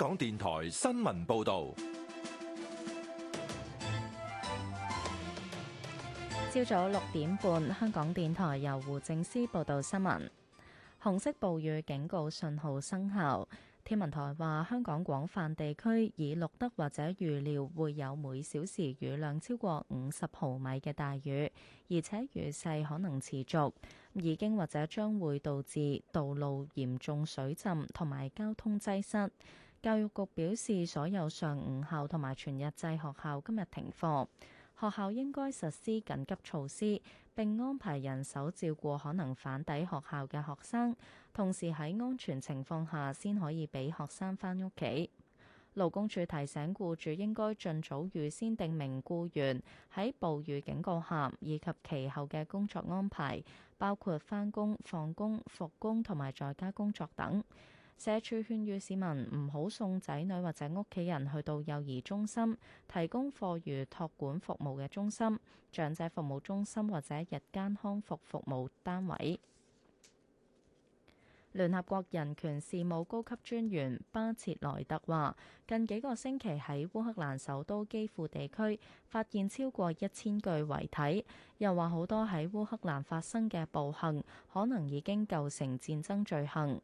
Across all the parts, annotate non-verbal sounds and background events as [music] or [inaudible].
香港電台新聞報道，朝早六點半，香港電台由胡正思報道新聞。紅色暴雨警告信號生效，天文台話香港廣泛地區已錄得或者預料會有每小時雨量超過五十毫米嘅大雨，而且雨勢可能持續，已經或者將會導致道路嚴重水浸同埋交通擠塞。教育局表示，所有上午校同埋全日制學校今日停課，學校應該實施緊急措施，並安排人手照顧可能返抵學校嘅學生，同時喺安全情況下先可以俾學生返屋企。勞工處提醒雇主應該盡早預先訂明雇員喺暴雨警告下以及其後嘅工作安排，包括返工、放工、復工同埋在家工作等。社署勸喻市民唔好送仔女或者屋企人去到幼兒中心、提供課餘托管服務嘅中心、長者服務中心或者日間康復服務單位。聯合國人權事務高級專員巴切萊特話，近幾個星期喺烏克蘭首都基輔地區發現超過一千具遺體，又話好多喺烏克蘭發生嘅暴行可能已經構成戰爭罪行。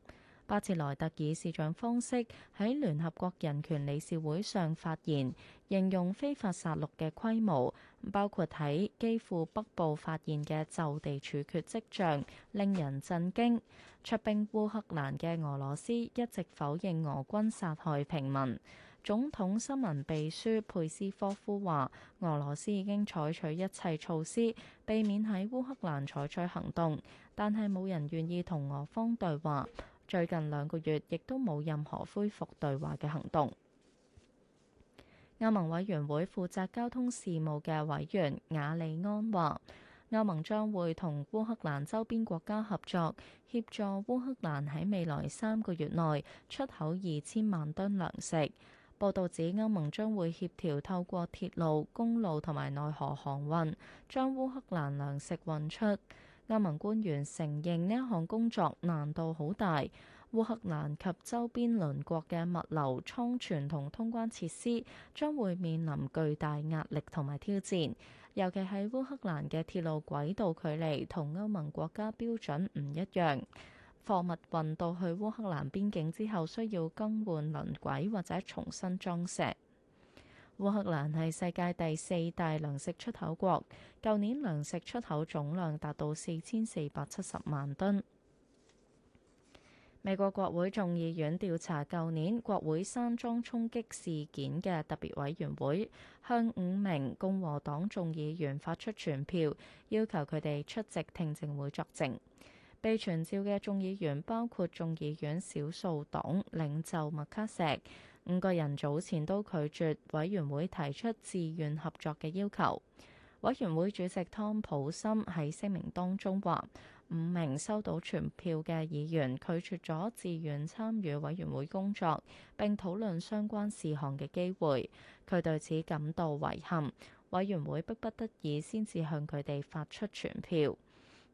巴切萊特以視像方式喺聯合國人權理事會上發言，形容非法殺戮嘅規模，包括喺基輔北部發現嘅就地處決跡象，令人震驚。出兵烏克蘭嘅俄羅斯一直否認俄軍殺害平民。總統新聞秘書佩斯科夫話：俄羅斯已經採取一切措施避免喺烏克蘭採取行動，但係冇人願意同俄方對話。最近兩個月，亦都冇任何恢復對話嘅行動。歐盟委員會負責交通事務嘅委員雅利安話：歐盟將會同烏克蘭周邊國家合作，協助烏克蘭喺未來三個月內出口二千萬噸糧食。報道指歐盟將會協調透過鐵路、公路同埋內河航運，將烏克蘭糧食運出。歐盟官員承認呢一項工作難度好大，烏克蘭及周邊鄰國嘅物流倉存同通關設施將會面臨巨大壓力同埋挑戰，尤其係烏克蘭嘅鐵路軌道距離同歐盟國家標準唔一樣，貨物運到去烏克蘭邊境之後，需要更換輪軌或者重新裝卸。烏克蘭係世界第四大糧食出口國，舊年糧食出口總量達到四千四百七十萬噸。美國國會眾議院調查舊年國會山莊衝擊事件嘅特別委員會，向五名共和黨眾議員發出傳票，要求佢哋出席聽證會作證。被傳召嘅眾議員包括眾議院少數黨領袖麥卡錫。五個人早前都拒絕委員會提出自願合作嘅要求。委員會主席湯普森喺聲明當中話：五名收到傳票嘅議員拒絕咗自願參與委員會工作，並討論相關事項嘅機會。佢對此感到遺憾。委員會迫不得已先至向佢哋發出傳票。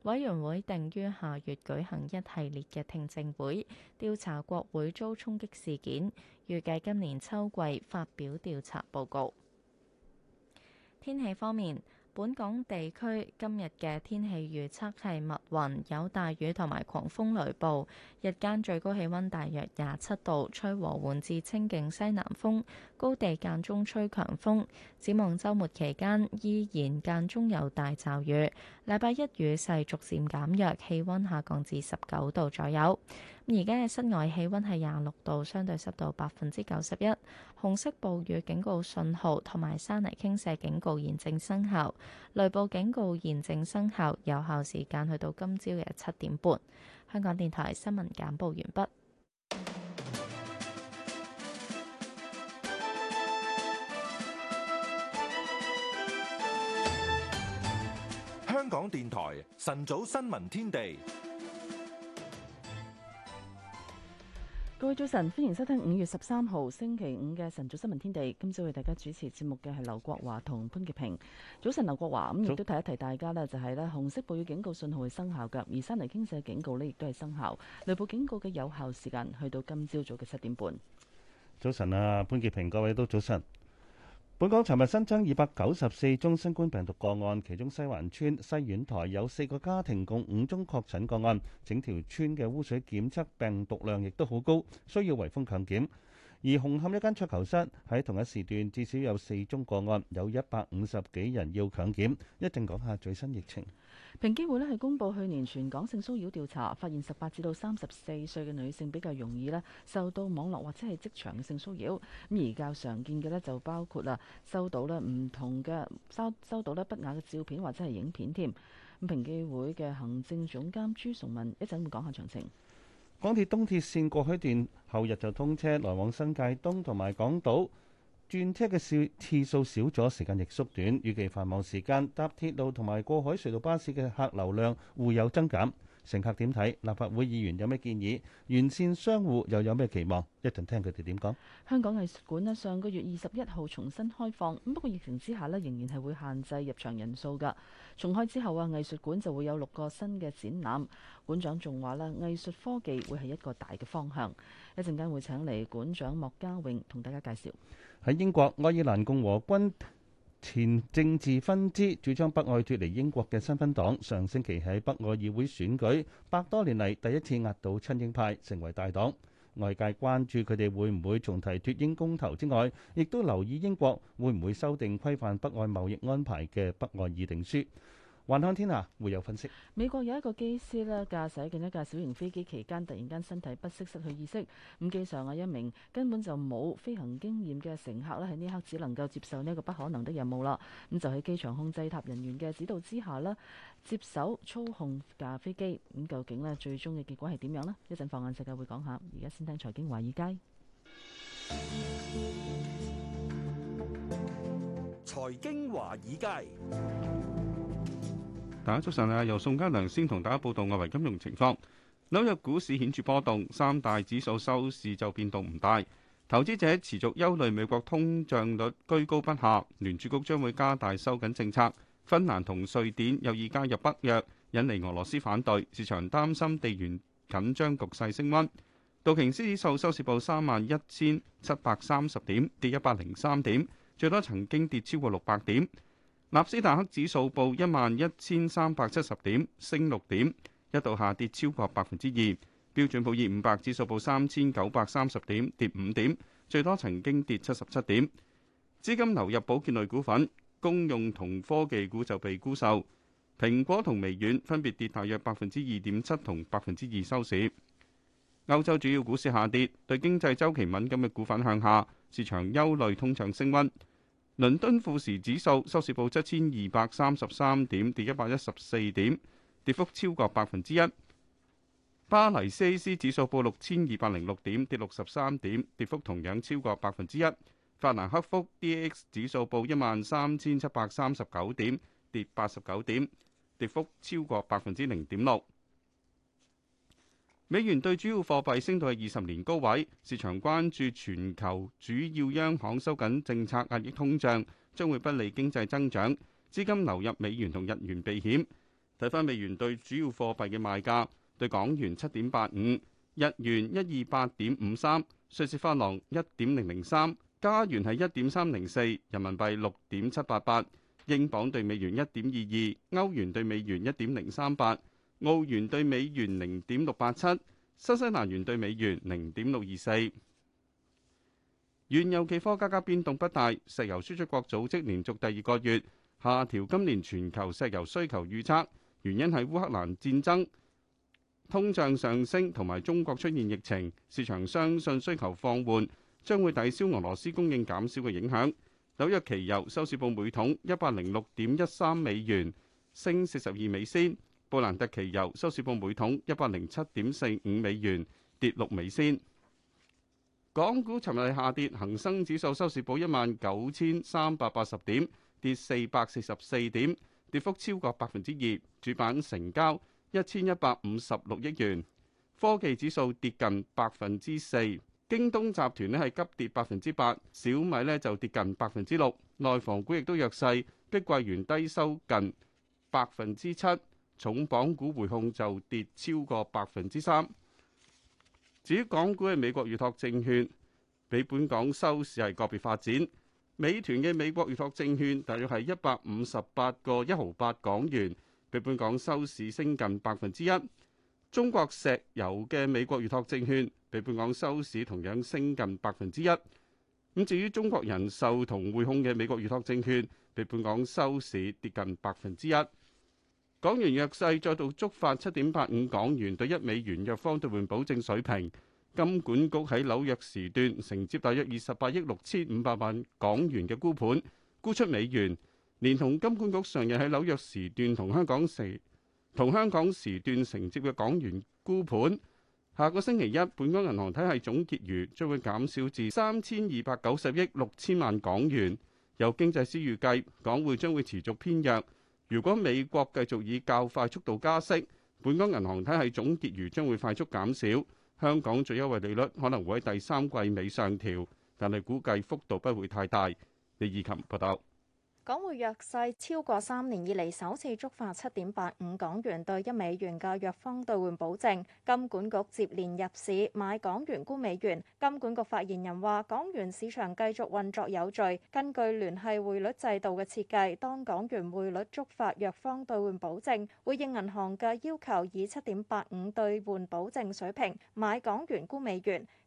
委員會定於下月舉行一系列嘅聽證會，調查國會遭衝擊事件。預計今年秋季發表調查報告。天氣方面，本港地區今日嘅天氣預測係密雲有大雨同埋狂風雷暴，日間最高氣温大約廿七度，吹和緩至清勁西南風，高地間中吹強風。展望週末期間，依然間中有大驟雨，禮拜一雨勢逐漸減弱，氣温下降至十九度左右。而家嘅室外氣温係廿六度，相對濕度百分之九十一。紅色暴雨警告信號同埋山泥傾瀉警告現正生效，雷暴警告現正生效，有效時間去到今朝嘅七點半。香港電台新聞簡報完畢。香港電台晨早新聞天地。各位早晨，歡迎收聽五月十三號星期五嘅晨早新聞天地。今朝為大家主持節目嘅係劉國華同潘潔平。早晨，劉國華咁早亦都提一提大家咧，就係咧紅色暴雨警告信號係生效㗎，而山泥傾瀉警告呢亦都係生效。雷暴警告嘅有效時間去到今朝早嘅七點半。早晨啊，潘潔平，各位都早晨。本港尋日新增二百九十四宗新冠病毒個案，其中西環村西苑台有四個家庭共五宗確診個案，整條村嘅污水檢測病毒量亦都好高，需要圍封強檢，而紅磡一間桌球室喺同一時段至少有四宗個案，有一百五十幾人要強檢，一陣講下最新疫情。平機會咧係公佈去年全港性騷擾調查，發現十八至到三十四歲嘅女性比較容易咧受到網絡或者係職場性騷擾。咁而較常見嘅咧就包括啦收到咧唔同嘅收收到咧不雅嘅照片或者係影片。添咁平機會嘅行政總監朱崇文一陣會講下詳情。港鐵東鐵線過海段後日就通車，來往新界東同埋港島。轉車嘅次數少咗，時間亦縮短。預期繁忙時間搭鐵路同埋過海隧道巴士嘅客流量互有增減。乘客點睇？立法會議員有咩建議？沿線商戶又有咩期望？一陣聽佢哋點講。香港藝術館咧上個月二十一號重新開放，咁不過疫情之下咧仍然係會限制入場人數㗎。重開之後啊，藝術館就會有六個新嘅展覽。館長仲話咧藝術科技會係一個大嘅方向。一陣間會請嚟館長莫家詠同大家介紹。喺英國愛爾蘭共和軍前政治分支主張北愛脫離英國嘅新芬黨，上星期喺北愛議會選舉百多年嚟第一次壓倒親英派成為大黨，外界關注佢哋會唔會重提脫英公投之外，亦都留意英國會唔會修訂規範北愛貿易安排嘅北愛議定書。環球天下、啊、會有分析。美國有一個機師呢駕駛緊一架小型飛機期間，突然間身體不適失去意識。咁、嗯、機上係一名根本就冇飛行經驗嘅乘客呢，喺呢刻只能夠接受呢一個不可能的任務啦。咁、嗯、就喺機場控制塔人員嘅指導之下呢，接手操控架飛機。咁、嗯、究竟呢最終嘅結果係點樣呢？一陣放眼世界會講下。而家先聽財經華爾街。財經華爾街。大家早晨啊！由宋嘉良先同大家報道外圍金融情況。紐約股市顯著波動，三大指數收市就變動唔大。投資者持續憂慮美國通脹率居高不下，聯儲局將會加大收緊政策。芬蘭同瑞典有意加入北約，引嚟俄羅斯反對，市場擔心地緣緊張局勢升溫。道瓊斯指數收市報三萬一千七百三十點，跌一百零三點，最多曾經跌超過六百點。納斯達克指數報一萬一千三百七十點，升六點，一度下跌超過百分之二。標準普爾五百指數報三千九百三十點，跌五點，最多曾經跌七十七點。資金流入保健類股份，公用同科技股就被沽售。蘋果同微軟分別跌大約百分之二點七同百分之二收市。歐洲主要股市下跌，對經濟周期敏感嘅股份向下，市場憂慮通脹升溫。倫敦富時指數收市報七千二百三十三點，跌一百一十四點，跌幅超過百分之一。巴黎 CAC 指數報六千二百零六點，跌六十三點，跌幅同樣超過百分之一。法蘭克福 DAX 指數報一萬三千七百三十九點，跌八十九點，跌幅超過百分之零點六。美元對主要貨幣升到係二十年高位，市場關注全球主要央行收緊政策壓抑通脹，將會不利經濟增長。資金流入美元同日元避險。睇翻美元對主要貨幣嘅賣價，對港元七點八五，日元一二八點五三，瑞士法郎一點零零三，加元係一點三零四，人民幣六點七八八，英鎊對美元一點二二，歐元對美元一點零三八。澳元兌美元零點六八七，新西蘭元兌美元零點六二四。原油期貨價格變動不大，石油輸出國組織連續第二個月下調今年全球石油需求預測，原因係烏克蘭戰爭、通脹上升同埋中國出現疫情。市場相信需求放緩將會抵消俄羅斯供應減少嘅影響。紐約期油收市報每桶一百零六點一三美元，升四十二美仙。布蘭特期油收市報每桶一百零七點四五美元，跌六美仙。港股尋日下跌，恒生指數收市報一萬九千三百八十點，跌四百四十四點，跌幅超過百分之二。主板成交一千一百五十六億元。科技指數跌近百分之四，京東集團呢係急跌百分之八，小米呢就跌近百分之六。內房股亦都弱勢，碧桂園低收近百分之七。重磅股匯控就跌超過百分之三。至於港股嘅美國預託證券，比本港收市係個別發展。美團嘅美國預託證券大約係一百五十八個一毫八港元，比本港收市升近百分之一。中國石油嘅美國預託證券，比本港收市同樣升近百分之一。咁至於中國人壽同匯控嘅美國預託證券，比本港收市跌近百分之一。港元弱勢再度觸發七點八五港元對一美元弱方兌換保證水平。金管局喺紐約時段承接大約二十八億六千五百萬港元嘅沽盤，沽出美元，連同金管局上日喺紐約時段同香港時同香港時段承接嘅港元沽盤，下個星期一，本港銀行體系總結餘將會減少至三千二百九十億六千萬港元。有經濟師預計，港匯將會持續偏弱。如果美國繼續以較快速度加息，本港銀行體系總結餘將會快速減少。香港最優惠利率可能會喺第三季尾上調，但係估計幅度不會太大。李以琴報道。港匯弱勢超過三年以嚟首次觸發七點八五港元對一美元嘅弱方兌換保證，金管局接連入市買港元沽美元。金管局發言人話：港元市場繼續運作有序，根據聯繫匯率制度嘅設計，當港元匯率觸發弱方兌換保證，會應銀行嘅要求以七點八五兌換保證水平買港元沽美元。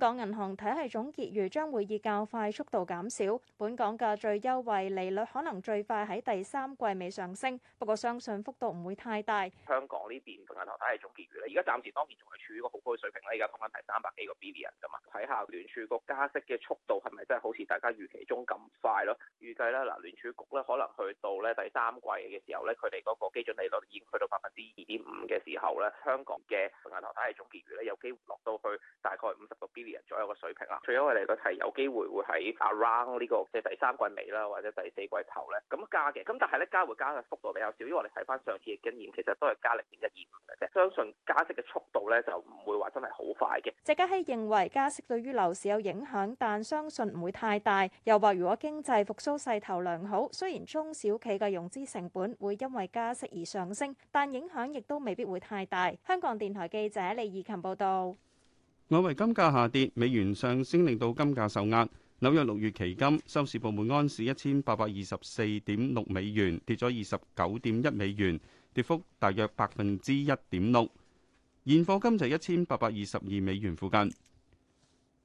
港銀行體系總結餘將會以較快速度減少。本港嘅最優惠利率可能最快喺第三季尾上升，不過相信幅度唔會太大。香港呢邊銀行體系總結餘咧，而家暫時當然仲係處於一個好高嘅水平啦。在在個而家平均係三百幾個 billion 㗎嘛。睇下聯儲局加息嘅速度係咪真係好似大家預期中咁快咯？預計咧嗱，聯儲局咧可能去到咧第三季嘅時候咧，佢哋嗰個基準利率已經去到百分之二點五嘅時候咧，香港嘅銀行體系總結餘咧有機會落到去大概五十個 billion 左右嘅水平啦，除咗我哋嘅提有機會會喺 around 呢、這個即係、就是、第三季尾啦，或者第四季頭咧，咁加嘅，咁但係咧加會加嘅幅度比較少，因為我哋睇返上次嘅經驗，其實都係加零點一二五嘅啫，相信加息嘅速度咧就唔會話真係好快嘅。謝家熙認為加息對於樓市有影響，但相信唔會太大。又話如果經濟復甦勢頭良好，雖然中小企嘅融資成本會因為加息而上升，但影響亦都未必會太大。香港電台記者李義琴報道。外圍金價下跌，美元上升令到金價受壓。紐約六月期金收市報每安士一千八百二十四點六美元，跌咗二十九點一美元，跌幅大約百分之一點六。現貨金就一千八百二十二美元附近。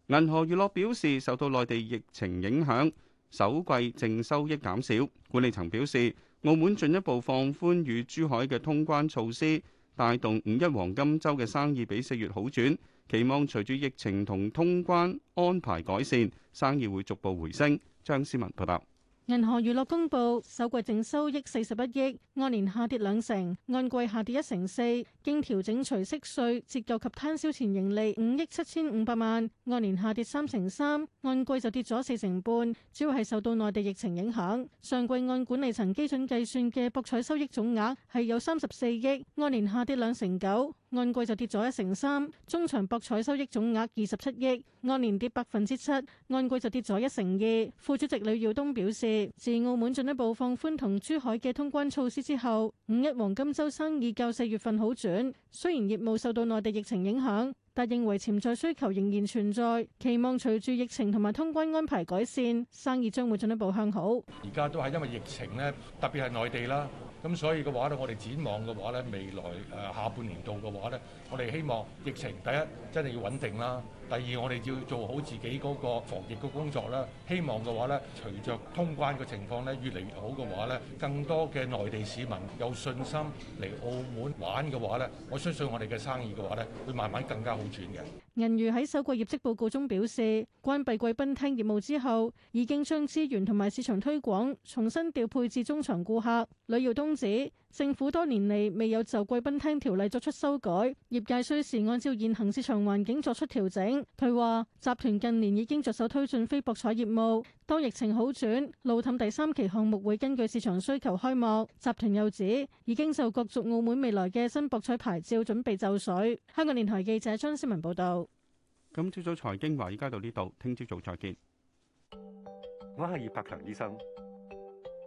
銀河娛樂表示，受到內地疫情影響，首季淨收益減少。管理層表示，澳門進一步放寬與珠海嘅通關措施，帶動五一黃金周嘅生意比四月好轉。期望隨住疫情同通關安排改善，生意會逐步回升。張思文報道，銀河娛樂公佈首季淨收益四十一億，按年下跌兩成，按季下跌一成四。經調整除息稅折舊及攤銷前盈利五億七千五百萬，按年下跌三成三，按季就跌咗四成半，主要係受到內地疫情影響。上季按管理層基準計算嘅博彩收益總額係有三十四億，按年下跌兩成九。按季就跌咗一成三，中場博彩收益總額二十七億，按年跌百分之七，按季就跌咗一成二。副主席李耀東表示，自澳門進一步放寬同珠海嘅通關措施之後，五一黃金周生意較四月份好轉。雖然業務受到內地疫情影響，但認為潛在需求仍然存在，期望隨住疫情同埋通關安排改善，生意將會進一步向好。而家都係因為疫情呢，特別係內地啦。咁所以嘅話咧，我哋展望嘅話咧，未來誒下半年度嘅話咧，我哋希望疫情第一真係要穩定啦，第二我哋要做好自己嗰個防疫嘅工作啦。希望嘅話咧，隨著通關嘅情況咧越嚟越好嘅話咧，更多嘅內地市民有信心嚟澳門玩嘅話咧，我相信我哋嘅生意嘅話咧，會慢慢更加好轉嘅。銀魚喺首季業績報告中表示，關閉貴賓廳業務之後，已經將資源同埋市場推廣重新調配至中場顧客。呂耀東指，政府多年嚟未有就貴賓廳條例作出修改，業界需時按照現行市場環境作出調整。佢話集團近年已經着手推進非博彩業務，當疫情好轉，路氹第三期項目會根據市場需求開幕。集團又指已經就角逐澳門未來嘅新博彩牌照準備就緒，香港電台記者張思文報道。今朝早財經華爾街到呢度，聽朝早再見，我係葉柏強醫生。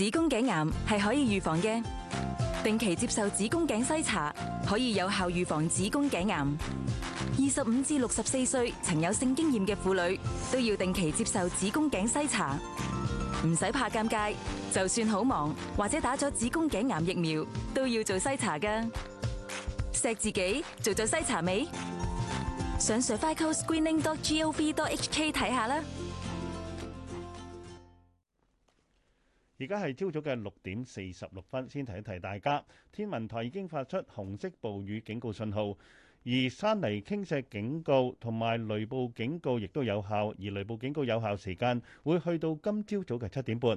子宮頸癌係可以預防嘅，定期接受子宮頸篩查可以有效預防子宮頸癌。二十五至六十四歲曾有性經驗嘅婦女都要定期接受子宮頸篩查，唔使怕尷尬。就算好忙或者打咗子宮頸癌疫苗，都要做篩查㗎。錫自己做咗篩查未？上 cervicalscreening.gov.hk 睇下啦。而家係朝早嘅六點四十六分，先提一提大家。天文台已經發出紅色暴雨警告信號，而山泥傾瀉警告同埋雷暴警告亦都有效。而雷暴警告有效時間會去到今朝早嘅七點半。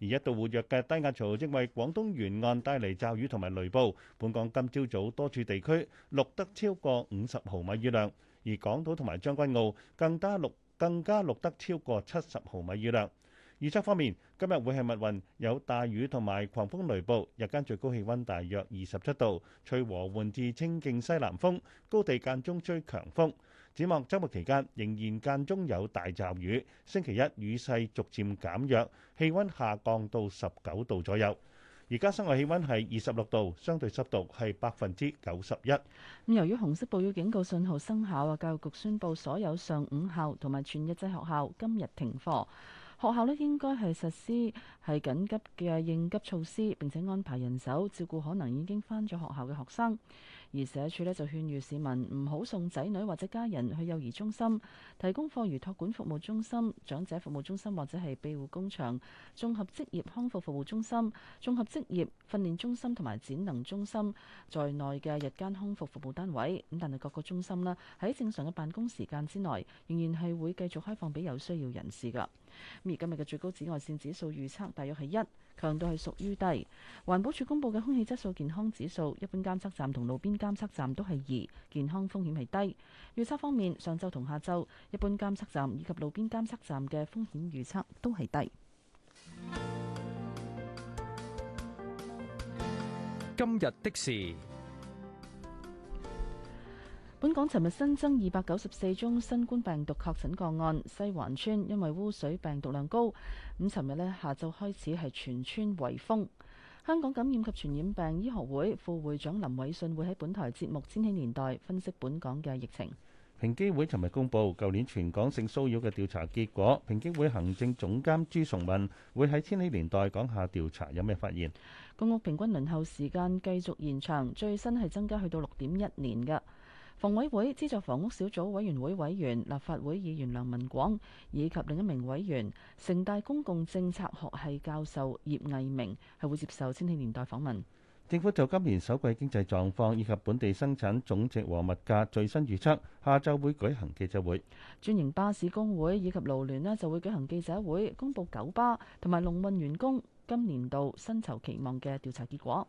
而一度活躍嘅低壓槽正為廣東沿岸帶嚟驟雨同埋雷暴。本港今朝早多處地區錄得超過五十毫米雨量，而港島同埋將軍澳更加錄更加錄得超過七十毫米雨量。預測方面，今日會係密雲，有大雨同埋狂風雷暴。日間最高氣温大約二十七度，吹和緩至清勁西南風，高地間中吹強風。展望週末期間，仍然間中有大驟雨。星期一雨勢逐漸減弱，氣温下降到十九度左右。而家室外氣温係二十六度，相對濕度係百分之九十一。咁由於紅色暴雨警告信號生效，教育局宣布所有上午校同埋全日制學校今日停課。學校咧，應該係實施係緊急嘅應急措施，並且安排人手照顧可能已經返咗學校嘅學生。而社署呢，就勸喻市民唔好送仔女或者家人去幼兒中心，提供課餘託管服務中心、長者服務中心或者係庇護工場、綜合職業康復服務中心、綜合職業訓練中心同埋展能中心在內嘅日間康復服，服務單位。咁但係各個中心咧喺正常嘅辦公時間之內，仍然係會繼續開放俾有需要人士㗎。而今日嘅最高紫外線指數預測大約係一。強度係屬於低。環保署公布嘅空氣質素健康指數，一般監測站同路邊監測站都係二，健康風險係低。預測方面，上晝同下晝，一般監測站以及路邊監測站嘅風險預測都係低。今日的事。本港尋日新增二百九十四宗新冠病毒確診個案，西環村因為污水病毒量高，咁尋日咧下晝開始係全村圍封。香港感染及傳染病醫學會副會長林偉信會喺本台節目《千禧年代》分析本港嘅疫情。平機會尋日公佈舊年全港性騷擾嘅調查結果，平機會行政總監朱崇文會喺《千禧年代》講下調查有咩發現。公屋平均輪候時間繼續延長，最新係增加去到六點一年㗎。房委會資助房屋小組委員會委員、立法會議員梁文廣以及另一名委員、城大公共政策學系教授葉毅明，係會接受千禧年代訪問。政府就今年首季經濟狀況以及本地生產總值和物價最新預測，下晝會舉行記者會。專營巴士工會以及勞聯呢，就會舉行記者會，公佈九巴同埋龍運員工今年度薪酬期望嘅調查結果。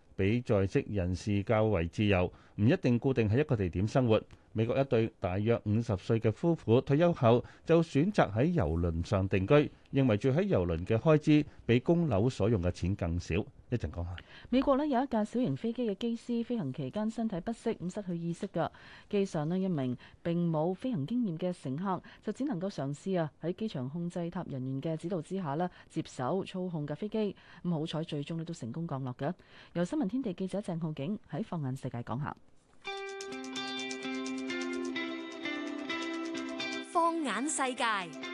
比在職人士較為自由，唔一定固定喺一個地點生活。美國一對大約五十歲嘅夫婦退休後就選擇喺郵輪上定居，認為住喺郵輪嘅開支比供樓所用嘅錢更少。一陣講下。美國呢有一架小型飛機嘅機師飛行期間身體不適，咁失去意識嘅。架機上呢一名並冇飛行經驗嘅乘客就只能夠嘗試啊喺機場控制塔人員嘅指導之下呢接手操控架飛機，咁好彩最終呢都成功降落嘅。由新聞天地記者鄭浩景喺放眼世界講下。放眼世界。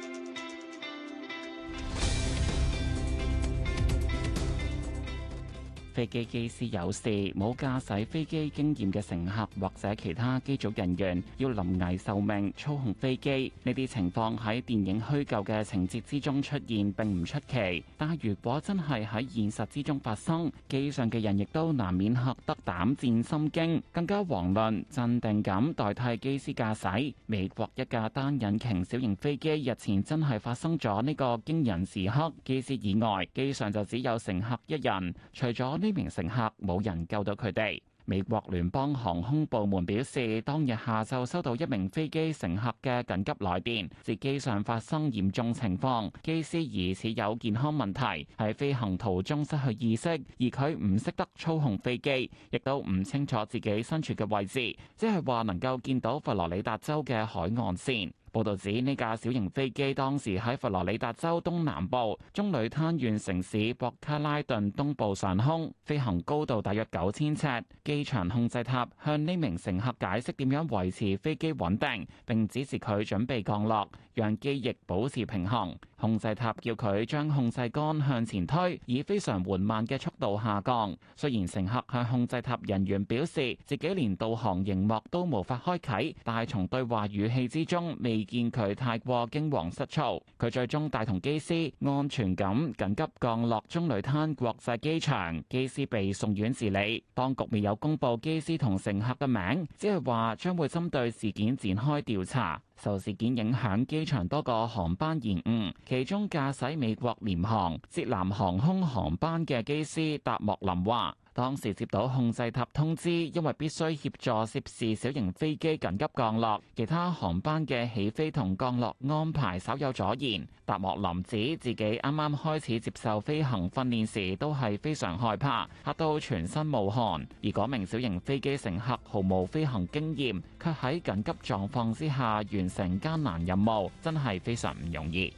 飛機機師有事，冇駕駛飛機經驗嘅乘客或者其他機組人員要臨危受命操控飛機，呢啲情況喺電影虛構嘅情節之中出現並唔出奇。但係如果真係喺現實之中發生，機上嘅人亦都難免嚇得膽戰心驚，更加遑論鎮定咁代替機師駕駛。美國一架單引擎小型飛機日前真係發生咗呢個驚人時刻，機師以外，機上就只有乘客一人，除咗呢。呢名乘客冇人救到佢哋。美國聯邦航空部門表示，當日下晝收到一名飛機乘客嘅緊急來電，飛機上發生嚴重情況，機師疑似有健康問題，喺飛行途中失去意識，而佢唔識得操控飛機，亦都唔清楚自己身處嘅位置，即係話能夠見到佛羅里達州嘅海岸線。報道指，呢架小型飛機當時喺佛羅里達州東南部棕櫚灘縣城市博卡拉頓東部上空，飛行高度大約九千尺。機場控制塔向呢名乘客解釋點樣維持飛機穩定，並指示佢準備降落，讓機翼保持平衡。控制塔叫佢將控制桿向前推，以非常緩慢嘅速度下降。雖然乘客向控制塔人員表示自己連導航熒幕都無法開啟，但係從對話語氣之中未見佢太過驚惶失措。佢最終帶同機師安全咁緊急降落中雷灘國際機場，機師被送院治理。當局未有公布機師同乘客嘅名，只係話將會針對事件展開調查。受事件影響，機場多個航班延誤，其中駕駛美國廉航捷藍航空航班嘅機師達莫林話。當時接到控制塔通知，因為必須協助涉事小型飛機緊急降落，其他航班嘅起飛同降落安排稍有阻延。達莫林指自己啱啱開始接受飛行訓練時，都係非常害怕，嚇到全身冒汗。而嗰名小型飛機乘客毫無飛行經驗，卻喺緊急狀況之下完成艱難任務，真係非常唔容易。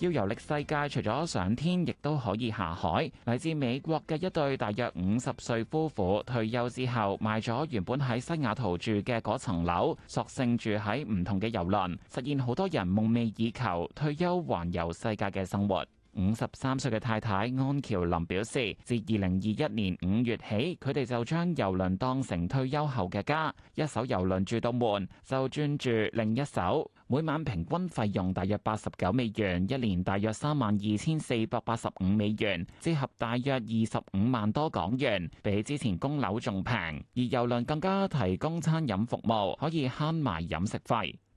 要遊歷世界，除咗上天，亦都可以下海。嚟自美國嘅一對大約五十歲夫婦退休之後賣咗原本喺西雅圖住嘅嗰層樓，索性住喺唔同嘅郵輪，實現好多人夢寐以求退休環遊世界嘅生活。五十三歲嘅太太安喬琳表示，自二零二一年五月起，佢哋就將郵輪當成退休後嘅家，一艘郵輪住到悶就轉住另一艘。每晚平均費用大約八十九美元，一年大約三萬二千四百八十五美元，折合大約二十五萬多港元，比之前供樓仲平，而郵輪更加提供餐飲服務，可以慳埋飲食費。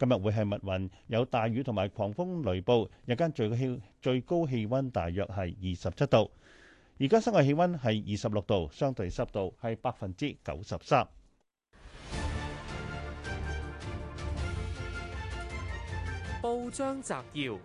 今日會係密雲，有大雨同埋狂風雷暴。日間最氣最高氣温大約係二十七度。而家室外氣温係二十六度，相對濕度係百分之九十三。報章摘要：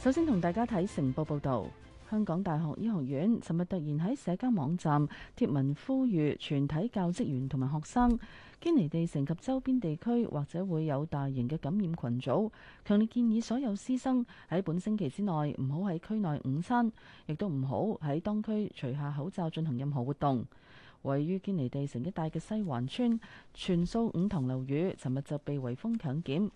首先同大家睇成報報道，香港大學醫學院尋日突然喺社交網站貼文呼籲全體教職員同埋學生。堅尼地城及周邊地區或者會有大型嘅感染群組，強烈建議所有師生喺本星期之內唔好喺區內午餐，亦都唔好喺當區除下口罩進行任何活動。位於堅尼地城一帶嘅西環村全數五堂樓宇，尋日就被圍封強檢。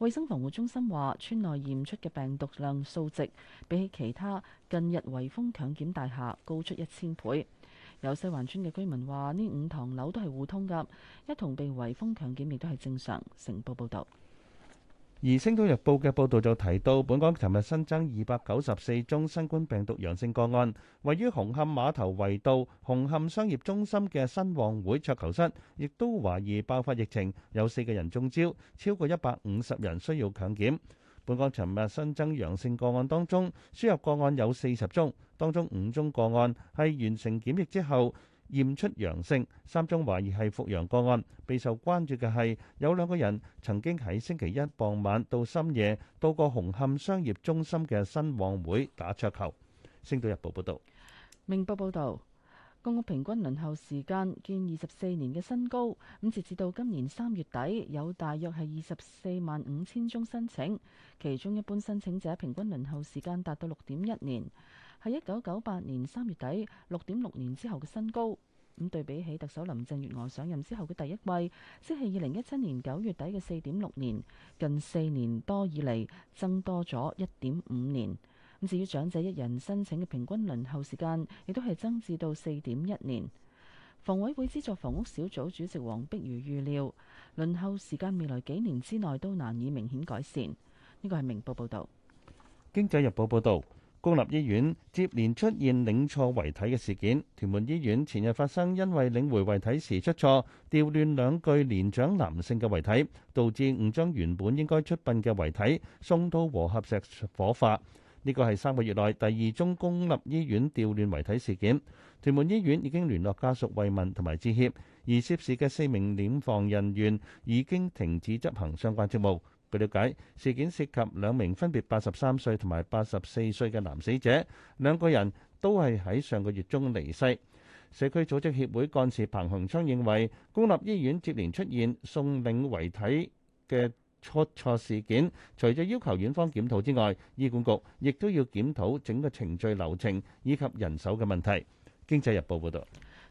衛生防護中心話，村內驗出嘅病毒量數值比起其他近日圍封強檢大廈高出一千倍。有西環村嘅居民話，呢五堂樓都係互通㗎，一同被圍封強檢，亦都係正常。成報報道，而《星島日報》嘅報導就提到，本港尋日新增二百九十四宗新冠病毒陽性個案，位於紅磡馬頭圍道紅磡商業中心嘅新旺會桌球室亦都懷疑爆發疫情，有四個人中招，超過一百五十人需要強檢。本港尋日新增陽性個案當中，輸入個案有四十宗，當中五宗個案係完成檢疫之後驗出陽性，三宗懷疑係復陽個案。備受關注嘅係有兩個人曾經喺星期一傍晚到深夜到過紅磡商業中心嘅新旺會打桌球。星島日報報道。明報報道。公屋平均輪候時間見二十四年嘅新高，咁截至到今年三月底有大約係二十四萬五千宗申請，其中一般申請者平均輪候時間達到六點一年，係一九九八年三月底六點六年之後嘅新高。咁對比起特首林鄭月娥上任之後嘅第一季，即係二零一七年九月底嘅四點六年，近四年多以嚟增多咗一點五年。至於長者一人申請嘅平均輪候時間，亦都係增至到四點一年。房委會資助房屋小組主席黃碧如預料，輪候時間未來幾年之內都難以明顯改善。呢個係明報報導，《經濟日報》報導，公立醫院接連出現領錯遺體嘅事件。屯門醫院前日發生，因為領回遺體時出錯，調亂兩具年長男性嘅遺體，導致誤將原本應該出殯嘅遺體送到和合石火化。呢個係三個月內第二宗公立醫院調亂遺體事件。屯門醫院已經聯絡家屬慰問同埋致歉，而涉事嘅四名殮房人員已經停止執行相關職務。據瞭解，事件涉及兩名分別八十三歲同埋八十四歲嘅男死者，兩個人都係喺上個月中離世。社區組織協會幹事彭鴻昌認為，公立醫院接連出現送領遺體嘅出錯事件，除咗要求院方檢討之外，醫管局亦都要檢討整個程序流程以及人手嘅問題。經濟日報報導，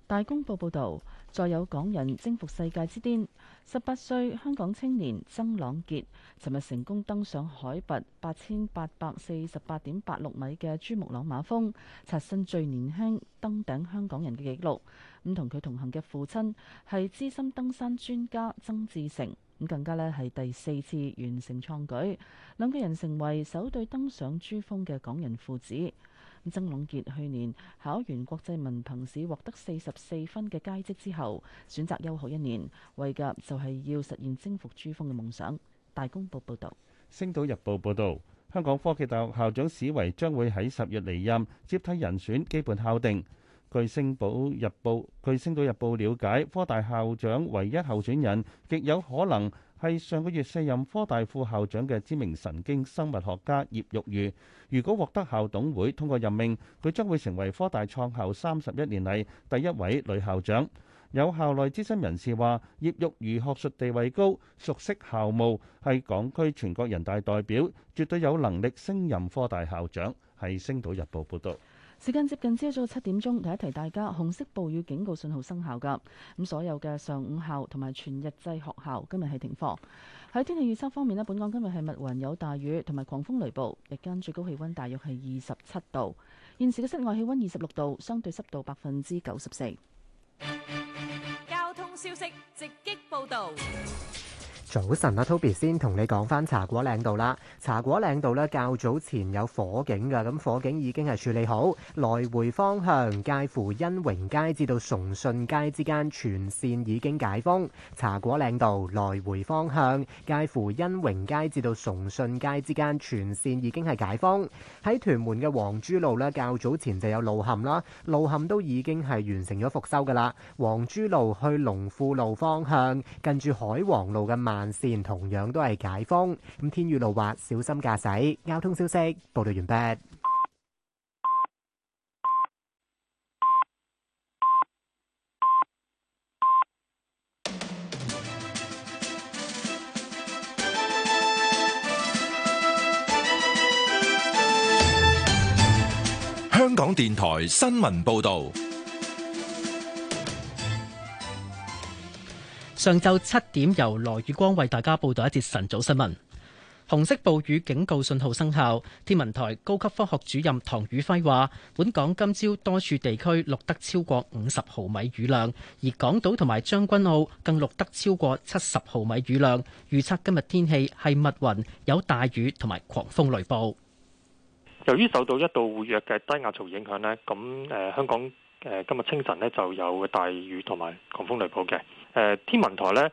大公報報導，再有港人征服世界之巔，十八歲香港青年曾朗傑尋日成功登上海拔八千八百四十八點八六米嘅珠穆朗瑪峰，刷新最年輕登頂香港人嘅紀錄。咁同佢同行嘅父親係資深登山專家曾志成。咁更加咧係第四次完成創舉，兩個人成為首對登上珠峰嘅港人父子。曾朗傑去年考完國際文憑試，獲得四十四分嘅佳績之後，選擇休學一年，為嘅就係要實現征服珠峰嘅夢想。大公報報道，《星島日報》報道，香港科技大學校長史維將會喺十月離任，接替人選基本敲定。據星島日報，據星島日報瞭解，科大校長唯一候選人極有可能係上個月卸任科大副校長嘅知名神經生物學家葉玉如。如果獲得校董會通過任命，佢將會成為科大創校三十一年嚟第一位女校長。有校內資深人士話，葉玉如學術地位高，熟悉校務，係港區全國人大代表，絕對有能力升任科大校長。係星島日報報導。時間接近朝早七點鐘，提一提大家，紅色暴雨警告信號生效㗎。咁所有嘅上午校同埋全日制學校今日係停課。喺天氣預測方面呢，本港今日係密雲有大雨同埋狂風雷暴，日間最高氣溫大約係二十七度。現時嘅室外氣溫二十六度，相對濕度百分之九十四。交通消息直擊報道。早晨啊，Toby 先同你講翻茶果嶺道啦。茶果嶺道咧較早前有火警嘅，咁火警已經係處理好。來回方向介乎恩榮街至到崇信街之間全線已經解封。茶果嶺道來回方向介乎恩榮街至到崇信街之間全線已經係解封。喺屯門嘅黃珠路咧較早前就有路陷啦，路陷都已經係完成咗復修噶啦。黃珠路去龍富路方向近住海王路嘅馬。線同樣都係解封，咁天雨路滑，小心駕駛。交通消息報道完畢。香港電台新聞報道。上晝七點，由羅宇光為大家報道一節晨早新聞。紅色暴雨警告信號生效。天文台高級科學主任唐宇輝話，本港今朝多處地區錄得超過五十毫米雨量，而港島同埋將軍澳更錄得超過七十毫米雨量。預測今日天氣係密雲，有大雨同埋狂風雷暴。由於受到一度活躍嘅低壓槽影響呢，咁誒香港誒、呃、今日清晨咧就有大雨同埋狂風雷暴嘅。誒天文台呢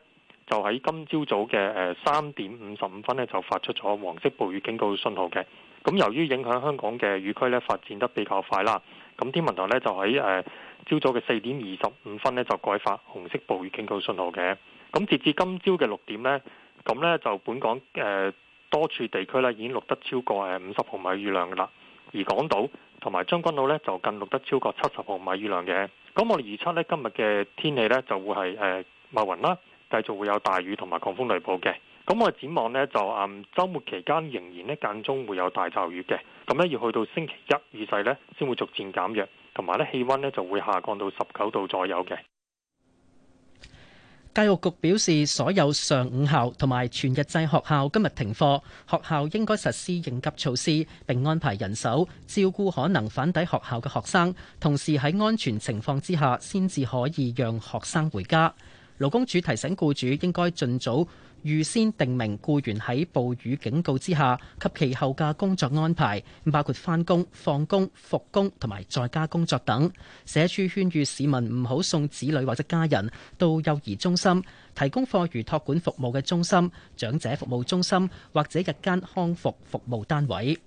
就喺今朝早嘅誒三點五十五分呢就發出咗黃色暴雨警告信號嘅。咁由於影響香港嘅雨區呢發展得比較快啦，咁天文台呢就喺誒朝早嘅四點二十五分呢就改發紅色暴雨警告信號嘅。咁截至今朝嘅六點呢，咁呢就本港誒、呃、多處地區呢已經錄得超過誒五十毫米雨量啦。而港島同埋將軍澳呢就更錄得超過七十毫米雨量嘅。咁我哋預測呢今日嘅天氣呢就會係誒，呃密雲啦，繼續會有大雨同埋狂風雷暴嘅。咁我嘅展望呢，就誒周末期間仍然呢間中會有大驟雨嘅。咁呢，要去到星期一雨勢呢，先會逐漸減弱，同埋呢氣温呢就會下降到十九度左右嘅。教育局表示，所有上午校同埋全日制學校今日停課，學校應該實施應急措施，並安排人手照顧可能返抵學校嘅學生，同時喺安全情況之下先至可以讓學生回家。勞工處提醒僱主應該盡早預先定明僱員喺暴雨警告之下及其後嘅工作安排，包括返工、放工、復工同埋在家工作等。社處勸喻市民唔好送子女或者家人到幼兒中心、提供課餘託管服務嘅中心、長者服務中心或者日間康復服，服務單位。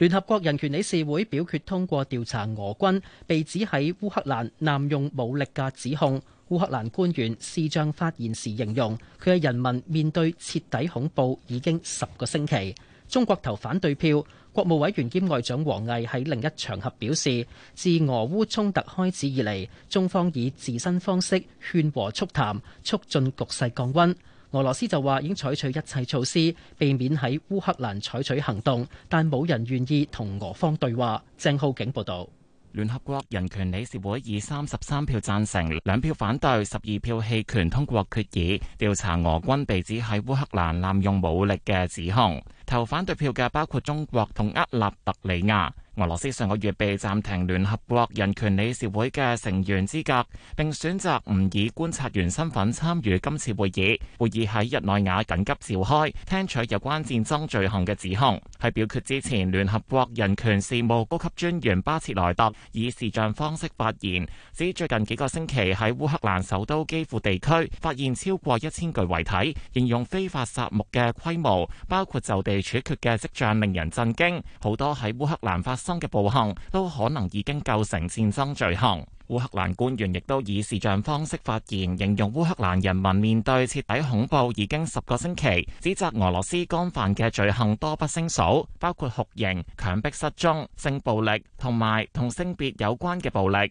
聯合國人權理事會表決通過調查俄軍被指喺烏克蘭濫用武力嘅指控。烏克蘭官員視像發言時形容，佢嘅人民面對徹底恐怖已經十個星期。中國投反對票。國務委員兼外長王毅喺另一場合表示，自俄烏衝突開始以嚟，中方以自身方式勸和促談，促進局勢降溫。俄羅斯就話已經採取一切措施，避免喺烏克蘭採取行動，但冇人願意同俄方對話。鄭浩景報道，聯合國人權理事會以三十三票贊成、兩票反對、十二票棄權通過決議，調查俄軍被指喺烏克蘭濫用武力嘅指控。投反對票嘅包括中國同厄立特里亞。俄羅斯上個月被暫停聯合國人權理事會嘅成員資格，並選擇唔以觀察員身份參與今次會議。會議喺日內瓦緊急召開，聽取有關戰爭罪行嘅指控。喺表決之前，聯合國人權事務高級專員巴切萊特以視像方式發言，指最近幾個星期喺烏克蘭首都基輔地區發現超過一千具遺體，形容非法殺戮嘅規模，包括就地處決嘅跡象，令人震驚。好多喺烏克蘭發生。嘅暴行，都可能已經構成戰爭罪行。烏克蘭官員亦都以視像方式發言，形容烏克蘭人民面對徹底恐怖已經十個星期，指責俄羅斯幹犯嘅罪行多不勝數，包括酷刑、強迫失蹤、性暴力同埋同性別有關嘅暴力。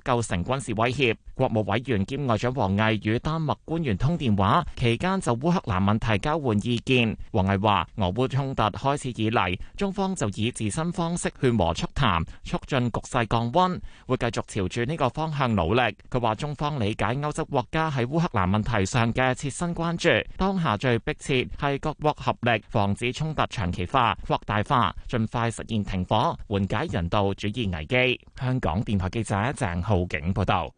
構成軍事威脅。國務委員兼外長王毅與丹麥官員通電話，期間就烏克蘭問題交換意見。王毅話：俄烏衝突開始以嚟，中方就以自身方式勸和促談，促進局勢降溫，會繼續朝住呢個方向努力。佢話：中方理解歐洲國家喺烏克蘭問題上嘅切身關注，當下最迫切係各國合力防止衝突長期化、擴大化，盡快實現停火，緩解人道主義危機。香港電台記者鄭。浩景報道，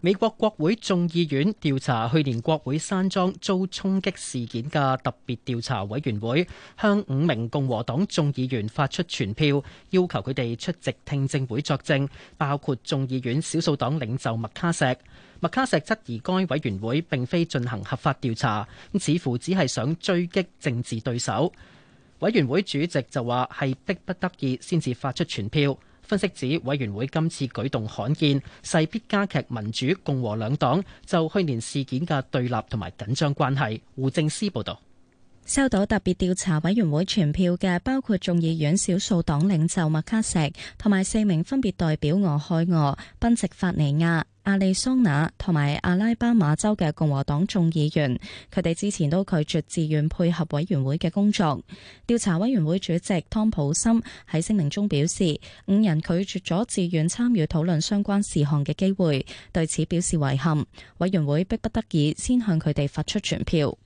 美國國會眾議院調查去年國會山莊遭衝擊事件嘅特別調查委員會，向五名共和黨眾議員發出傳票，要求佢哋出席聽證會作證，包括眾議院少數黨領袖麥卡錫。麥卡錫質疑該委員會並非進行合法調查，咁似乎只係想追擊政治對手。委員會主席就話係迫不得已先至發出傳票。分析指，委員會今次舉動罕見，勢必加劇民主共和兩黨就去年事件嘅對立同埋緊張關係。胡正思報道。收到特別調查委員會傳票嘅，包括眾議院少數黨領袖麥卡錫同埋四名分別代表俄亥俄、賓夕法尼亞。阿利桑那同埋阿拉巴馬州嘅共和黨眾議員，佢哋之前都拒絕自願配合委員會嘅工作。調查委員會主席湯普森喺聲明中表示，五人拒絕咗自願參與討論相關事項嘅機會，對此表示遺憾。委員會迫不得已先向佢哋發出傳票。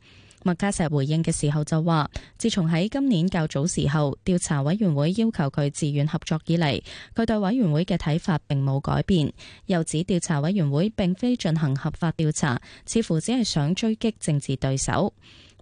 麥卡錫回應嘅時候就話，自從喺今年較早時候調查委員會要求佢自願合作以嚟，佢對委員會嘅睇法並冇改變。又指調查委員會並非進行合法調查，似乎只係想追擊政治對手。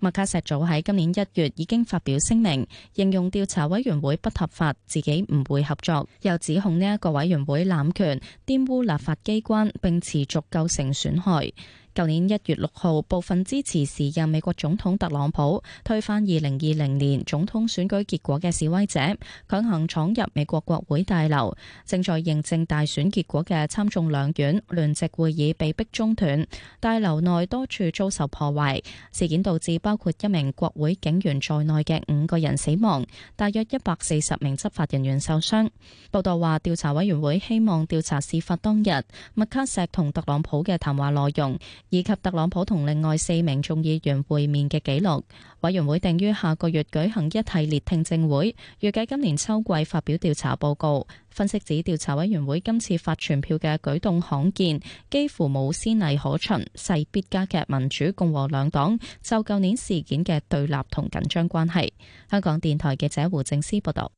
麥卡錫早喺今年一月已經發表聲明，形容調查委員會不合法，自己唔會合作。又指控呢一個委員會濫權、玷污立法機關，並持續構成損害。舊年一月六號，部分支持時任美國總統特朗普推翻二零二零年總統選舉結果嘅示威者，強行闖入美國國會大樓，正在認證大選結果嘅參眾兩院聯席會議被迫中斷，大樓內多處遭受破壞。事件導致包括一名國會警員在內嘅五個人死亡，大約一百四十名執法人員受傷。報道話，調查委員會希望調查事發當日麥卡錫同特朗普嘅談話內容。以及特朗普同另外四名眾議員會面嘅紀錄，委員會定於下個月舉行一系列聽證會，預計今年秋季發表調查報告。分析指，調查委員會今次發傳票嘅舉動罕見，幾乎冇先例可循，勢必加劇民主共和兩黨就舊年事件嘅對立同緊張關係。香港電台記者胡正思報道。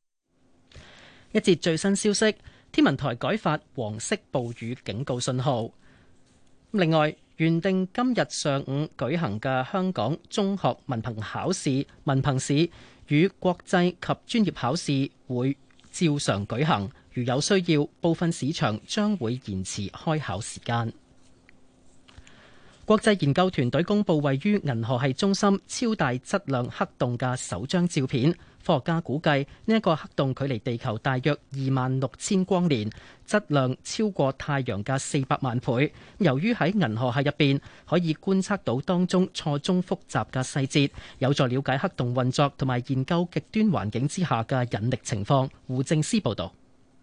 一節最新消息，天文台改發黃色暴雨警告信號。咁，另外。原定今日上午舉行嘅香港中學文憑考試文憑試與國際及專業考試會照常舉行，如有需要，部分市場將會延遲開考時間。國際研究團隊公布位於銀河系中心超大質量黑洞嘅首張照片。科學家估計，呢一個黑洞距離地球大約二萬六千光年，質量超過太陽嘅四百萬倍。由於喺銀河系入邊可以觀察到當中錯綜複雜嘅細節，有助了解黑洞運作同埋研究極端環境之下嘅引力情況。胡正思報導。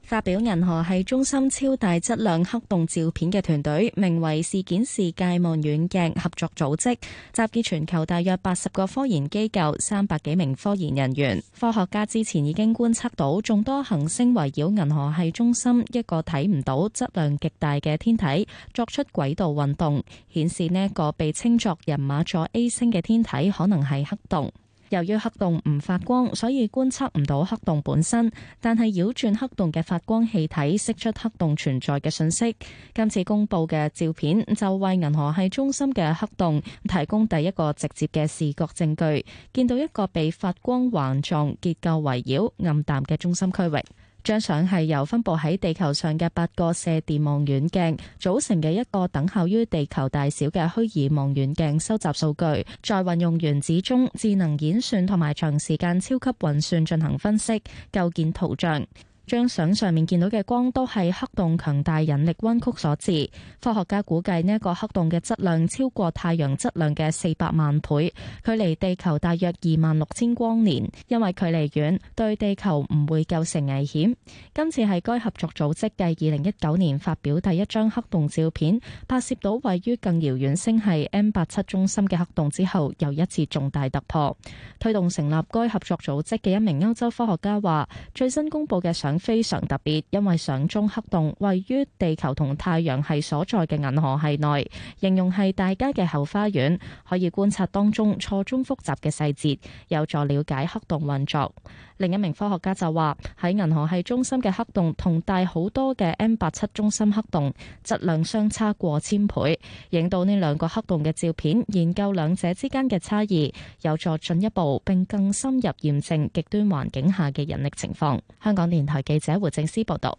發表銀河系中心超大質量黑洞照片嘅團隊名為事件視界望遠鏡合作組織，集結全球大約八十個科研機構、三百幾名科研人員。科學家之前已經觀測到眾多行星圍繞銀河系中心一個睇唔到、質量極大嘅天體作出軌道運動，顯示呢一個被稱作人馬座 A 星嘅天體可能係黑洞。由於黑洞唔發光，所以觀測唔到黑洞本身，但係繞轉黑洞嘅發光氣體釋出黑洞存在嘅訊息。今次公佈嘅照片就為銀河系中心嘅黑洞提供第一個直接嘅視覺證據，見到一個被發光環狀結構圍繞暗淡嘅中心區域。張相係由分佈喺地球上嘅八個射電望遠鏡組成嘅一個等效於地球大小嘅虛擬望遠鏡收集數據，再運用原子鐘智能演算同埋長時間超級運算進行分析，構建圖像。張相上面見到嘅光都係黑洞強大引力彎曲所致。科學家估計呢一個黑洞嘅質量超過太陽質量嘅四百萬倍，距離地球大約二萬六千光年。因為距離遠，對地球唔會構成危險。今次係該合作組織繼二零一九年發表第一張黑洞照片，拍攝到位於更遙遠星系 M 八七中心嘅黑洞之後，又一次重大突破。推動成立該合作組織嘅一名歐洲科學家話，最新公布嘅相，非常特別，因為上中黑洞位於地球同太陽系所在嘅銀河系內，形容係大家嘅後花園，可以觀察當中錯綜複雜嘅細節，有助了解黑洞運作。另一名科學家就話：喺銀河系中心嘅黑洞同大好多嘅 M87 中心黑洞質量相差過千倍，影到呢兩個黑洞嘅照片，研究兩者之間嘅差異，有助進一步並更深入驗證極端環境下嘅引力情況。香港電台記者胡正思報道。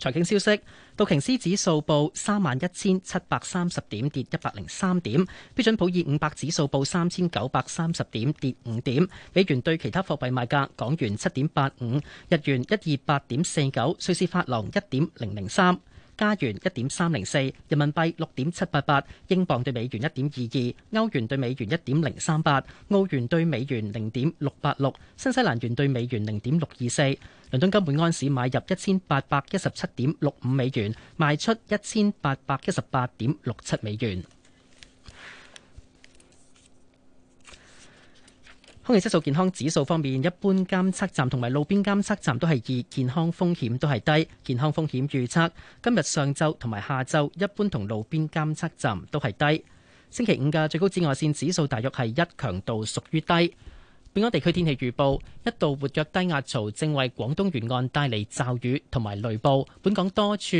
財經消息：道瓊斯指數報三萬一千七百三十點，跌一百零三點；標準普爾五百指數報三千九百三十點，跌五點。美元對其他貨幣賣價：港元七點八五，日元一二八點四九，瑞士法郎一點零零三。加元一點三零四，人民幣六點七八八，英鎊對美元一點二二，歐元對美元一點零三八，澳元對美元零點六八六，新西蘭元對美元零點六二四，倫敦金每安士買入一千八百一十七點六五美元，賣出一千八百一十八點六七美元。空氣質素健康指數方面，一般監測站同埋路邊監測站都係二，健康風險都係低。健康風險預測今日上晝同埋下晝，一般同路邊監測站都係低。星期五嘅最高紫外線指數大約係一，強度屬於低。本港地區天氣預報：一道活躍低壓槽正為廣東沿岸帶嚟驟雨同埋雷暴，本港多處。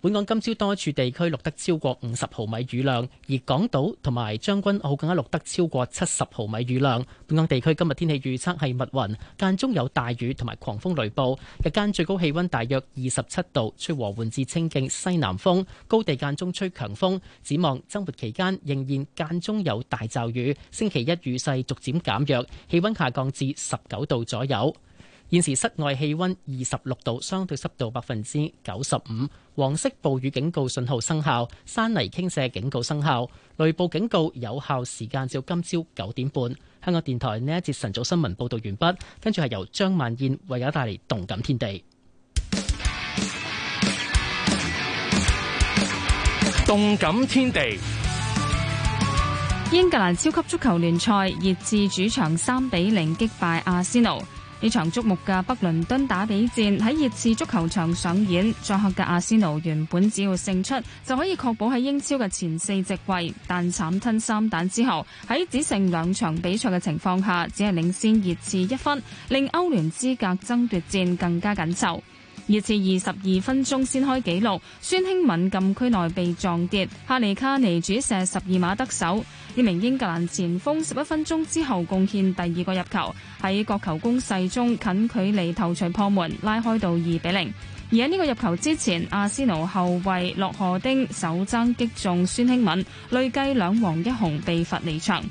本港今朝多處地區錄得超過五十毫米雨量，而港島同埋將軍澳更加錄得超過七十毫米雨量。本港地區今日天氣預測係密雲，間中有大雨同埋狂風雷暴，日間最高氣溫大約二十七度，吹和緩至清勁西南風，高地間中吹強風。展望周末期間仍然間中有大驟雨，星期一雨勢逐漸減弱，氣溫下降至十九度左右。現時室外氣溫二十六度，相對濕度百分之九十五，黃色暴雨警告信號生效，山泥傾瀉警告生效，雷暴警告有效時間至今朝九點半。香港電台呢一節晨早新聞報道完畢，跟住係由張萬燕為大家帶嚟動感天地。動感天地，英格蘭超級足球聯賽熱刺主場三比零擊敗阿仙奴。呢場矚目嘅北倫敦打比戰喺熱刺足球場上演，作客嘅阿仙奴原本只要勝出就可以確保喺英超嘅前四席位，但慘吞三蛋之後，喺只剩兩場比賽嘅情況下，只係領先熱刺一分，令歐聯資格爭奪戰更加緊湊。熱刺二十二分鐘先開紀錄，孫興敏禁區內被撞跌，哈利卡尼主射十二碼得手，呢名英格蘭前鋒十一分鐘之後貢獻第二個入球，喺角球攻勢中近距離頭槌破門，拉開到二比零。而喺呢個入球之前，阿仙奴後衞洛何丁手踭擊中孫興敏，累計兩黃一紅被罰離場。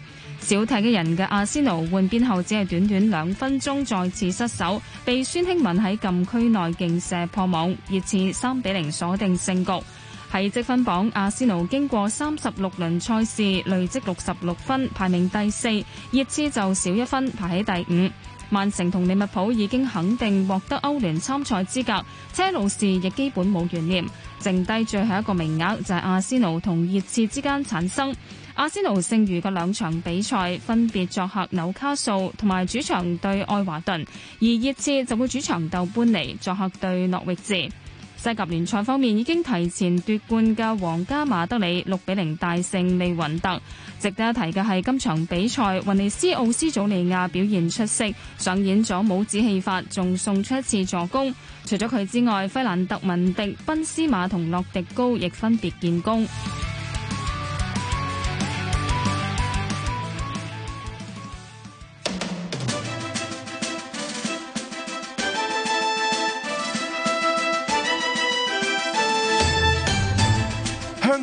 小睇嘅人嘅阿仙奴換邊後，只係短短兩分鐘再次失守，被孫興慜喺禁區內勁射破網，熱刺三比零鎖定勝局。喺積分榜，阿仙奴經過三十六輪賽事，累積六十六分，排名第四；熱刺就少一分，排喺第五。曼城同利物浦已經肯定獲得歐聯參賽資格，車路士亦基本冇懸念，剩低最後一個名額就係阿仙奴同熱刺之間產生。阿仙奴剩餘嘅兩場比賽，分別作客紐卡素同埋主場對愛華頓，而熱刺就會主場鬥搬尼，作客對諾域治。西甲聯賽方面，已經提前奪冠嘅皇家馬德里六比零大勝利雲特。值得一提嘅係今場比賽，雲尼斯奧斯祖尼亞表現出色，上演咗帽子戲法，仲送出一次助攻。除咗佢之外，菲蘭特、文迪、賓斯馬同洛迪高亦分別建功。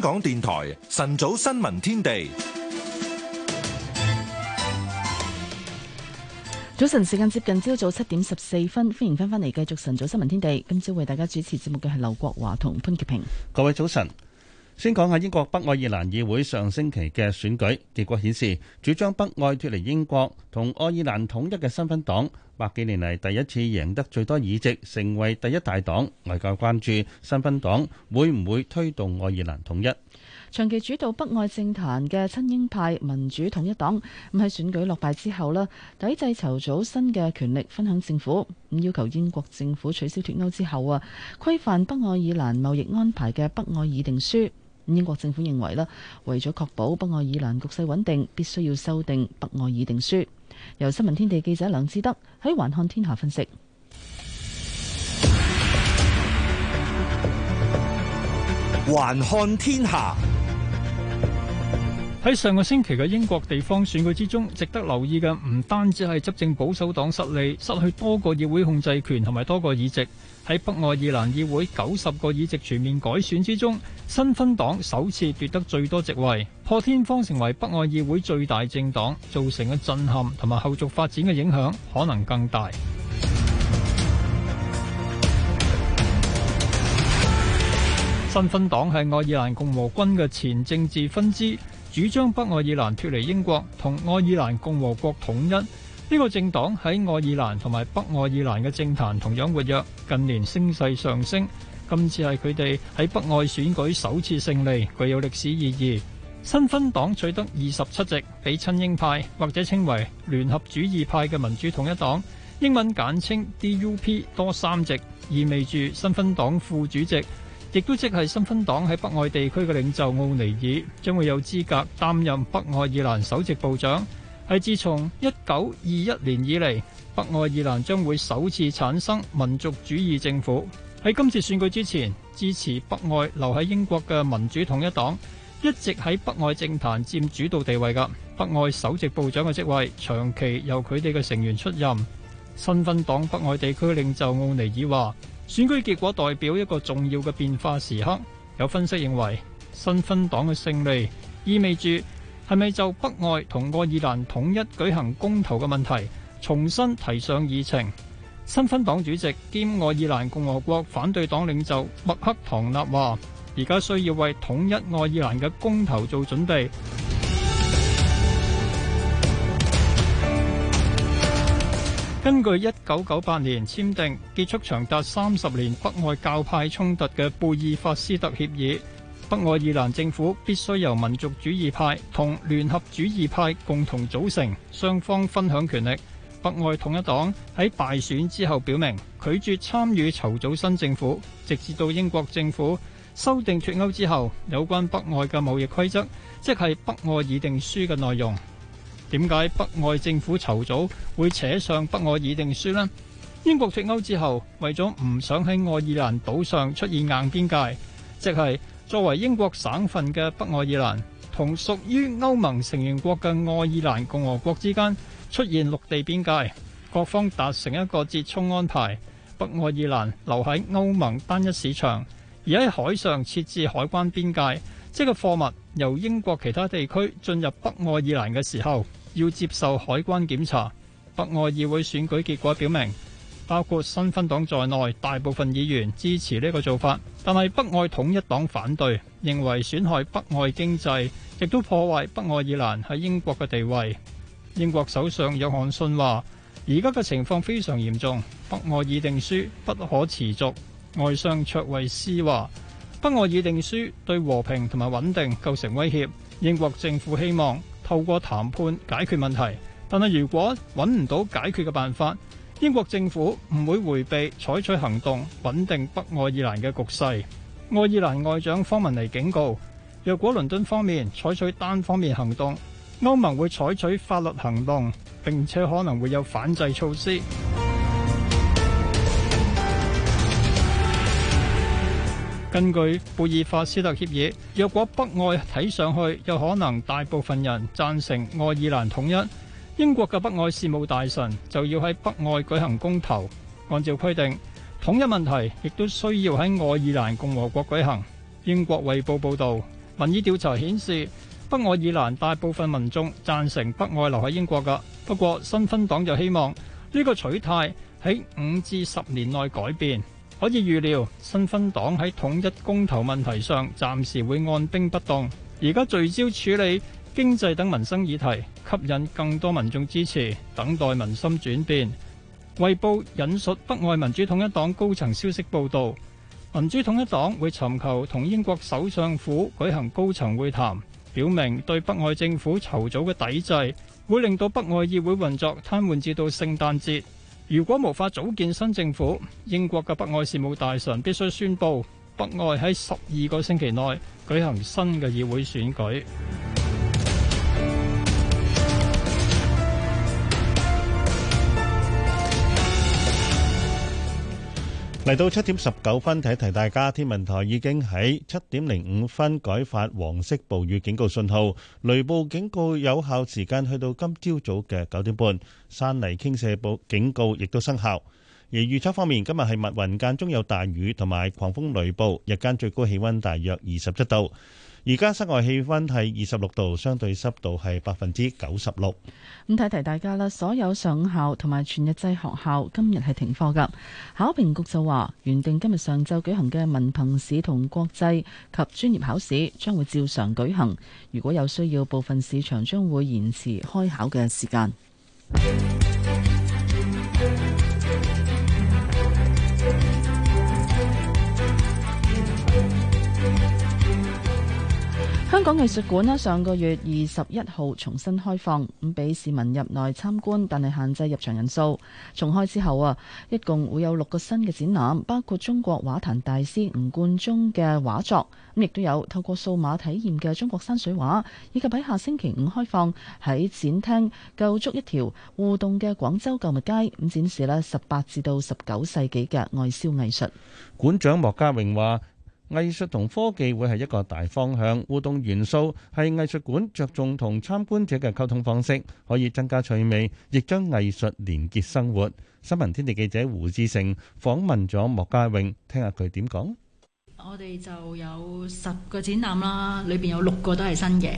港電台晨早新聞天地，早晨時間接近朝早七點十四分，歡迎翻返嚟繼續晨早新聞天地。今朝為大家主持節目嘅係劉國華同潘潔平，各位早晨。先講下英國北愛爾蘭議會上星期嘅選舉結果顯示，主張北愛脫離英國同愛爾蘭統一嘅新芬黨百幾年嚟第一次贏得最多議席，成為第一大黨。外界關注新芬黨會唔會推動愛爾蘭統一。長期主導北愛政壇嘅親英派民主統一黨，咁喺選舉落敗之後啦，抵制籌組新嘅權力分享政府，咁要求英國政府取消脫歐之後啊，規範北愛爾蘭貿易安排嘅北愛議定書。英國政府認為啦，為咗確保北愛爾蘭局勢穩定，必須要修訂北愛爾蘭議定書。由新聞天地記者梁志德喺橫看天下分析。橫看天下喺上個星期嘅英國地方選舉之中，值得留意嘅唔單止係執政保守黨失利，失去多個議會控制權同埋多個議席。喺北愛爾蘭議會九十個議席全面改選之中，新芬黨首次奪得最多席位，破天荒成為北愛議會最大政黨，造成嘅震撼同埋後續發展嘅影響可能更大。新芬黨係愛爾蘭共和軍嘅前政治分支，主張北愛爾蘭脫離英國同愛爾蘭共和國統一。呢個政黨喺愛爾蘭同埋北愛爾蘭嘅政壇同樣活躍，近年聲勢上升。今次係佢哋喺北愛選舉首次勝利，具有歷史意義。新芬黨取得二十七席，比親英派或者稱為聯合主義派嘅民主統一黨（英文簡稱 DUP） 多三席，意味住新芬黨副主席，亦都即係新芬黨喺北愛地區嘅領袖奧尼爾，將會有資格擔任北愛爾蘭首席部長。係自從一九二一年以嚟，北愛爾蘭將會首次產生民族主義政府。喺今次選舉之前，支持北愛留喺英國嘅民主統一黨一直喺北愛政壇佔主導地位嘅。北愛首席部長嘅職位長期由佢哋嘅成員出任。新芬黨北愛地區領袖奧尼爾話：選舉結果代表一個重要嘅變化時刻。有分析認為，新芬黨嘅勝利意味住。係咪就北愛同愛爾蘭統一舉行公投嘅問題重新提上議程？新芬黨主席兼愛爾蘭共和國反對黨領袖麥克唐納話：而家需要為統一愛爾蘭嘅公投做準備。根據一九九八年簽訂、結束長達三十年北愛教派衝突嘅貝爾法斯特協議。北愛爾蘭政府必須由民族主義派同聯合主義派共同組成，雙方分享權力。北愛統一黨喺敗選之後表明拒絕參與籌組新政府，直至到英國政府修訂脫歐之後有關北愛嘅貿易規則，即係北愛爾蘭議定書嘅內容。點解北愛政府籌組會扯上北愛爾蘭議定書呢？英國脫歐之後，為咗唔想喺愛爾蘭島上出現硬邊界，即係。作為英國省份嘅北愛爾蘭同屬於歐盟成員國嘅愛爾蘭共和國之間出現陸地邊界，各方達成一個折衷安排：北愛爾蘭留喺歐盟單一市場，而喺海上設置海關邊界，即個貨物由英國其他地區進入北愛爾蘭嘅時候要接受海關檢查。北愛議會選舉結果表明。包括新分黨在內，大部分議員支持呢個做法，但係北愛統一黨反對，認為損害北愛經濟，亦都破壞北愛爾蘭喺英國嘅地位。英國首相約翰遜話，而家嘅情況非常嚴重，北愛議定書不可持續。外相卓慧斯話，北愛議定書對和平同埋穩定構成威脅。英國政府希望透過談判解決問題，但係如果揾唔到解決嘅辦法，英國政府唔會回避採取行動，穩定北愛爾蘭嘅局勢。愛爾蘭外長方文尼警告，若果倫敦方面採取單方面行動，歐盟會採取法律行動，並且可能會有反制措施。根據貝爾法斯特協議，若果北愛睇上去有可能大部分人贊成愛爾蘭統一。英國嘅北愛事務大臣就要喺北愛舉行公投，按照規定，統一問題亦都需要喺愛爾蘭共和國舉行。英國《衛報》報導，民意調查顯示北愛爾蘭大部分民眾贊成北愛留喺英國嘅，不過新芬黨就希望呢個取態喺五至十年內改變。可以預料，新芬黨喺統一公投問題上暫時會按兵不動，而家聚焦處理經濟等民生議題。吸引更多民眾支持，等待民心轉變。衛報引述北愛民主統一黨高層消息報道，民主統一黨會尋求同英國首相府舉行高層會談，表明對北愛政府籌組嘅抵制會令到北愛議會運作癱瘓至到聖誕節。如果無法組建新政府，英國嘅北愛事務大臣必須宣布北愛喺十二個星期內舉行新嘅議會選舉。嚟到七點十九分，提提大家，天文台已經喺七點零五分改發黃色暴雨警告信號，雷暴警告有效時間去到今朝早嘅九點半，山泥傾瀉暴警告亦都生效。而預測方面，今日係密雲間中有大雨同埋狂風雷暴，日間最高氣温大約二十七度。而家室外氣溫係二十六度，相對濕度係百分之九十六。咁提提大家啦，所有上午校同埋全日制學校今日係停課㗎。考評局就話，原定今日上晝舉行嘅文憑試同國際及專業考試將會照常舉行。如果有需要，部分市場將會延遲開考嘅時間。香港藝術館咧上個月二十一號重新開放，咁俾市民入內參觀，但係限制入場人數。重開之後啊，一共會有六個新嘅展覽，包括中國畫壇大師吳冠中嘅畫作，咁亦都有透過數碼體驗嘅中國山水畫，以及喺下星期五開放喺展廳構築一條互動嘅廣州購物街，咁展示咧十八至到十九世紀嘅外銷藝術。館長莫家榮話。藝術同科技會係一個大方向，互動元素係藝術館着重同參觀者嘅溝通方式，可以增加趣味，亦將藝術連結生活。新聞天地記者胡志成訪問咗莫家詠，聽下佢點講。我哋就有十個展覽啦，裏邊有六個都係新嘅，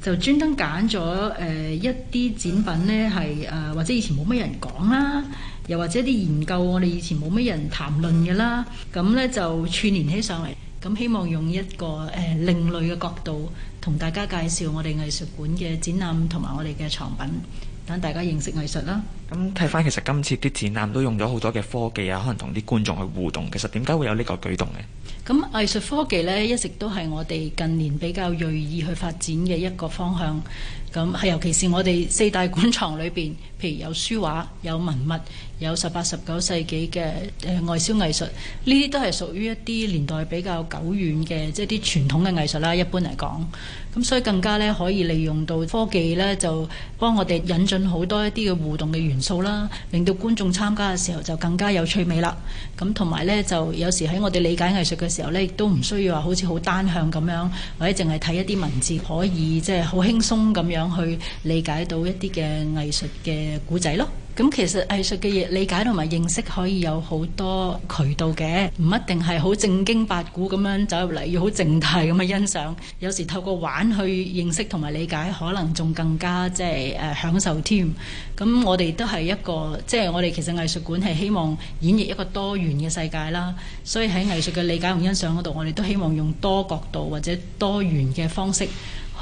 就專登揀咗誒一啲展品呢係誒、呃、或者以前冇乜人講啦，又或者啲研究我哋以前冇乜人談論嘅啦。咁呢就串連起上嚟，咁希望用一個誒、呃、另類嘅角度同大家介紹我哋藝術館嘅展覽同埋我哋嘅藏品，等大家認識藝術啦。咁睇返，其實今次啲展覽都用咗好多嘅科技啊，可能同啲觀眾去互動。其實點解會有呢個舉動呢？咁藝術科技呢，一直都係我哋近年比較銳意去發展嘅一個方向，咁係尤其是我哋四大館藏裏邊，譬如有書畫、有文物。有十八、十九世紀嘅誒外銷藝術，呢啲都係屬於一啲年代比較久遠嘅，即係啲傳統嘅藝術啦。一般嚟講，咁所以更加咧可以利用到科技咧，就幫我哋引進好多一啲嘅互動嘅元素啦，令到觀眾參加嘅時候就更加有趣味啦。咁同埋咧，就有時喺我哋理解藝術嘅時候咧，亦都唔需要話好似好單向咁樣，或者淨係睇一啲文字，可以即係好輕鬆咁樣去理解到一啲嘅藝術嘅古仔咯。咁其實藝術嘅嘢理解同埋認識可以有好多渠道嘅，唔一定係好正經八股咁樣走入嚟，要好靜態咁樣欣賞。有時透過玩去認識同埋理解，可能仲更加即係誒享受添。咁、嗯、我哋都係一個，即係我哋其實藝術館係希望演繹一個多元嘅世界啦。所以喺藝術嘅理解同欣賞嗰度，我哋都希望用多角度或者多元嘅方式。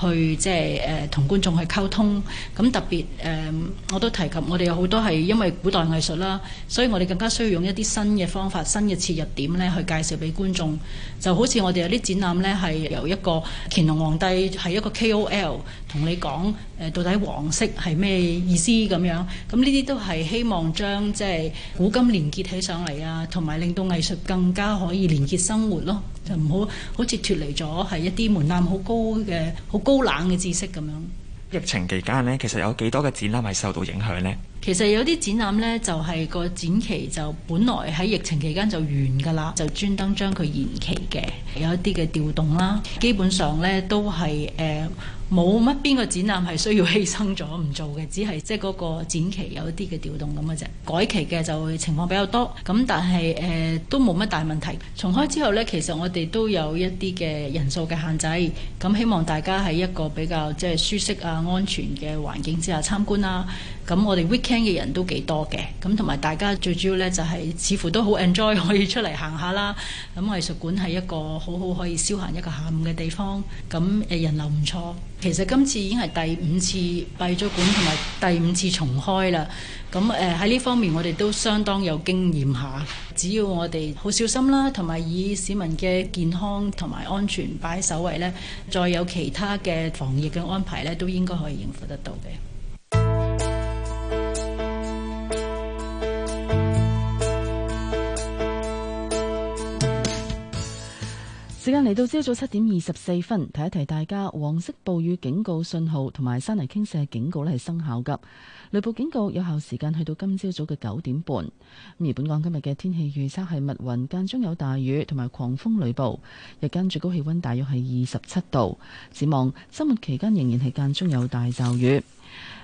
去即係誒、呃、同觀眾去溝通，咁特別誒、呃、我都提及我哋有好多係因為古代藝術啦，所以我哋更加需要用一啲新嘅方法、新嘅切入點咧，去介紹俾觀眾。就好似我哋有啲展覽呢，係由一個乾隆皇帝係一個 KOL 同你講誒，到底黃色係咩意思咁樣？咁呢啲都係希望將即係古今連結起上嚟啊，同埋令到藝術更加可以連結生活咯，就唔好好似脫離咗係一啲門檻好高嘅好高冷嘅知識咁樣。疫情期間呢，其實有幾多嘅展覽係受到影響呢？其實有啲展覽呢，就係個展期就本來喺疫情期間就完㗎啦，就專登將佢延期嘅有一啲嘅調動啦。基本上呢都係誒冇乜邊個展覽係需要犧牲咗唔做嘅，只係即係嗰個展期有一啲嘅調動咁嘅啫。改期嘅就情況比較多咁，但係誒都冇乜大問題。重開之後呢，其實我哋都有一啲嘅人數嘅限制，咁希望大家喺一個比較即係舒適啊、安全嘅環境之下參觀啦。咁我哋 weekend 嘅人都幾多嘅，咁同埋大家最主要咧，就係似乎都好 enjoy 可以出嚟行下啦。咁藝術館係一個好好可以消閒一個下午嘅地方。咁誒人流唔錯，其實今次已經係第五次閉咗館同埋第五次重開啦。咁誒喺呢方面我哋都相當有經驗下，只要我哋好小心啦，同埋以市民嘅健康同埋安全擺喺首位咧，再有其他嘅防疫嘅安排咧，都應該可以應付得到嘅。時間嚟到朝早七點二十四分，提一提大家黃色暴雨警告信號同埋山泥傾瀉警告呢係生效噶，雷暴警告有效時間去到今朝早嘅九點半。而本港今日嘅天氣預測係密雲間中有大雨同埋狂風雷暴，日間最高氣温大約係二十七度。展望周末期間仍然係間中有大驟雨。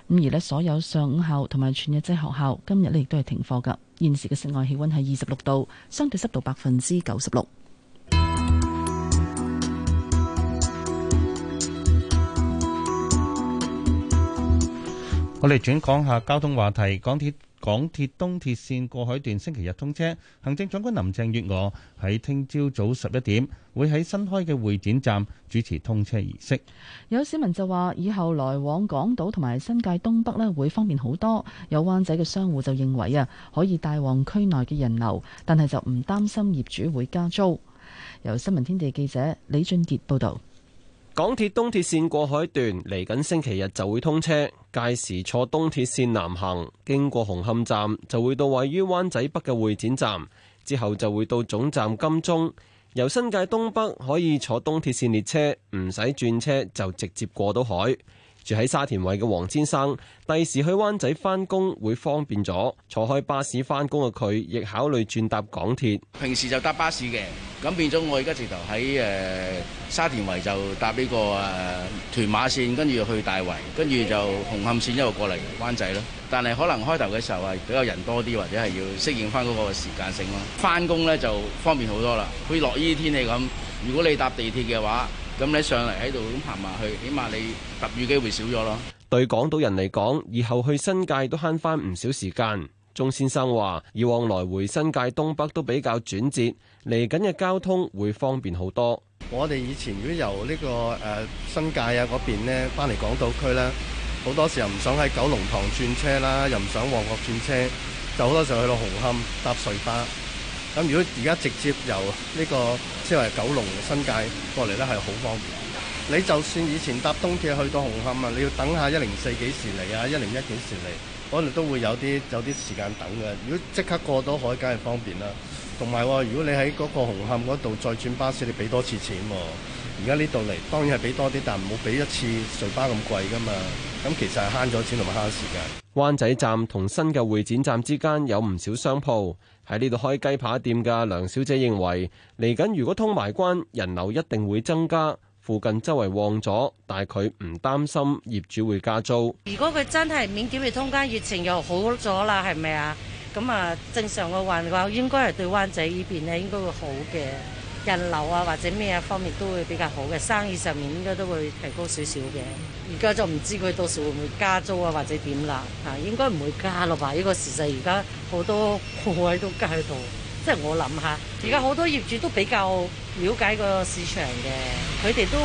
咁而呢所有上午校同埋全日制學校今日呢亦都係停課噶。現時嘅室外氣温係二十六度，相對濕度百分之九十六。我哋轉講下交通話題，港鐵港鐵東鐵綫過海段星期日通車。行政長官林鄭月娥喺聽朝早十一點會喺新開嘅會展站主持通車儀式。有市民就話以後來往港島同埋新界東北咧會方便好多。有灣仔嘅商戶就認為啊，可以帶旺區內嘅人流，但係就唔擔心業主會加租。由新聞天地記者李俊杰報道。港鐵東鐵綫過海段嚟緊星期日就會通車，屆時坐東鐵綫南行，經過紅磡站就會到位於灣仔北嘅會展站，之後就會到總站金鐘。由新界東北可以坐東鐵綫列車，唔使轉車就直接過到海。住喺沙田圍嘅黃先生，第時去灣仔翻工會方便咗。坐開巴士翻工嘅佢，亦考慮轉搭港鐵。平時就搭巴士嘅，咁變咗我而家直頭喺誒沙田圍就搭呢、這個誒、啊、屯馬線，跟住去大圍，跟住就紅磡線一路過嚟灣仔咯。但係可能開頭嘅時候係比較人多啲，或者係要適應翻嗰個時間性咯。翻工咧就方便好多啦。譬如落依啲天氣咁，如果你搭地鐵嘅話，咁、嗯、你上嚟喺度行埋去，起碼你突雨機會少咗咯。對港島人嚟講，以後去新界都慳翻唔少時間。鍾先生話：以往來回新界東北都比較轉折，嚟緊嘅交通會方便好多。 [music] 我哋以前如果由呢、這個誒、呃、新界啊嗰邊咧翻嚟港島區咧，好多時又唔想喺九龍塘轉車啦，又唔想旺角轉車，就好多時候去到紅磡搭隧巴。咁如果而家直接由呢個即係九龍新界過嚟咧，係好方便。你就算以前搭東鐵去到紅磡啊，你要等下一零四幾時嚟啊，一零一幾時嚟，可能都會有啲有啲時間等嘅。如果即刻過到海，梗係方便啦。同埋喎，如果你喺嗰個紅磡嗰度再轉巴士，你俾多次錢喎、啊。而家呢度嚟當然係俾多啲，但唔好俾一次隧巴咁貴噶嘛。咁其實係慳咗錢同埋慳時間。灣仔站同新嘅會展站之間有唔少商鋪。喺呢度開雞扒店嘅梁小姐認為，嚟緊，如果通埋關，人流一定會增加，附近周圍旺咗，但係佢唔擔心業主會加租。如果佢真係免檢疫通關，疫情又好咗啦，係咪啊？咁啊，正常嘅話嘅話，應該係對灣仔呢邊咧，應該會好嘅。人流啊，或者咩方面都會比較好嘅，生意上面應該都會提高少少嘅。而家就唔知佢到時會唔會加租啊，或者點啦。啊，應該唔會加咯吧？呢、這個時勢而家好多鋪位都加喺度，即係我諗下，而家好多業主都比較了解個市場嘅，佢哋都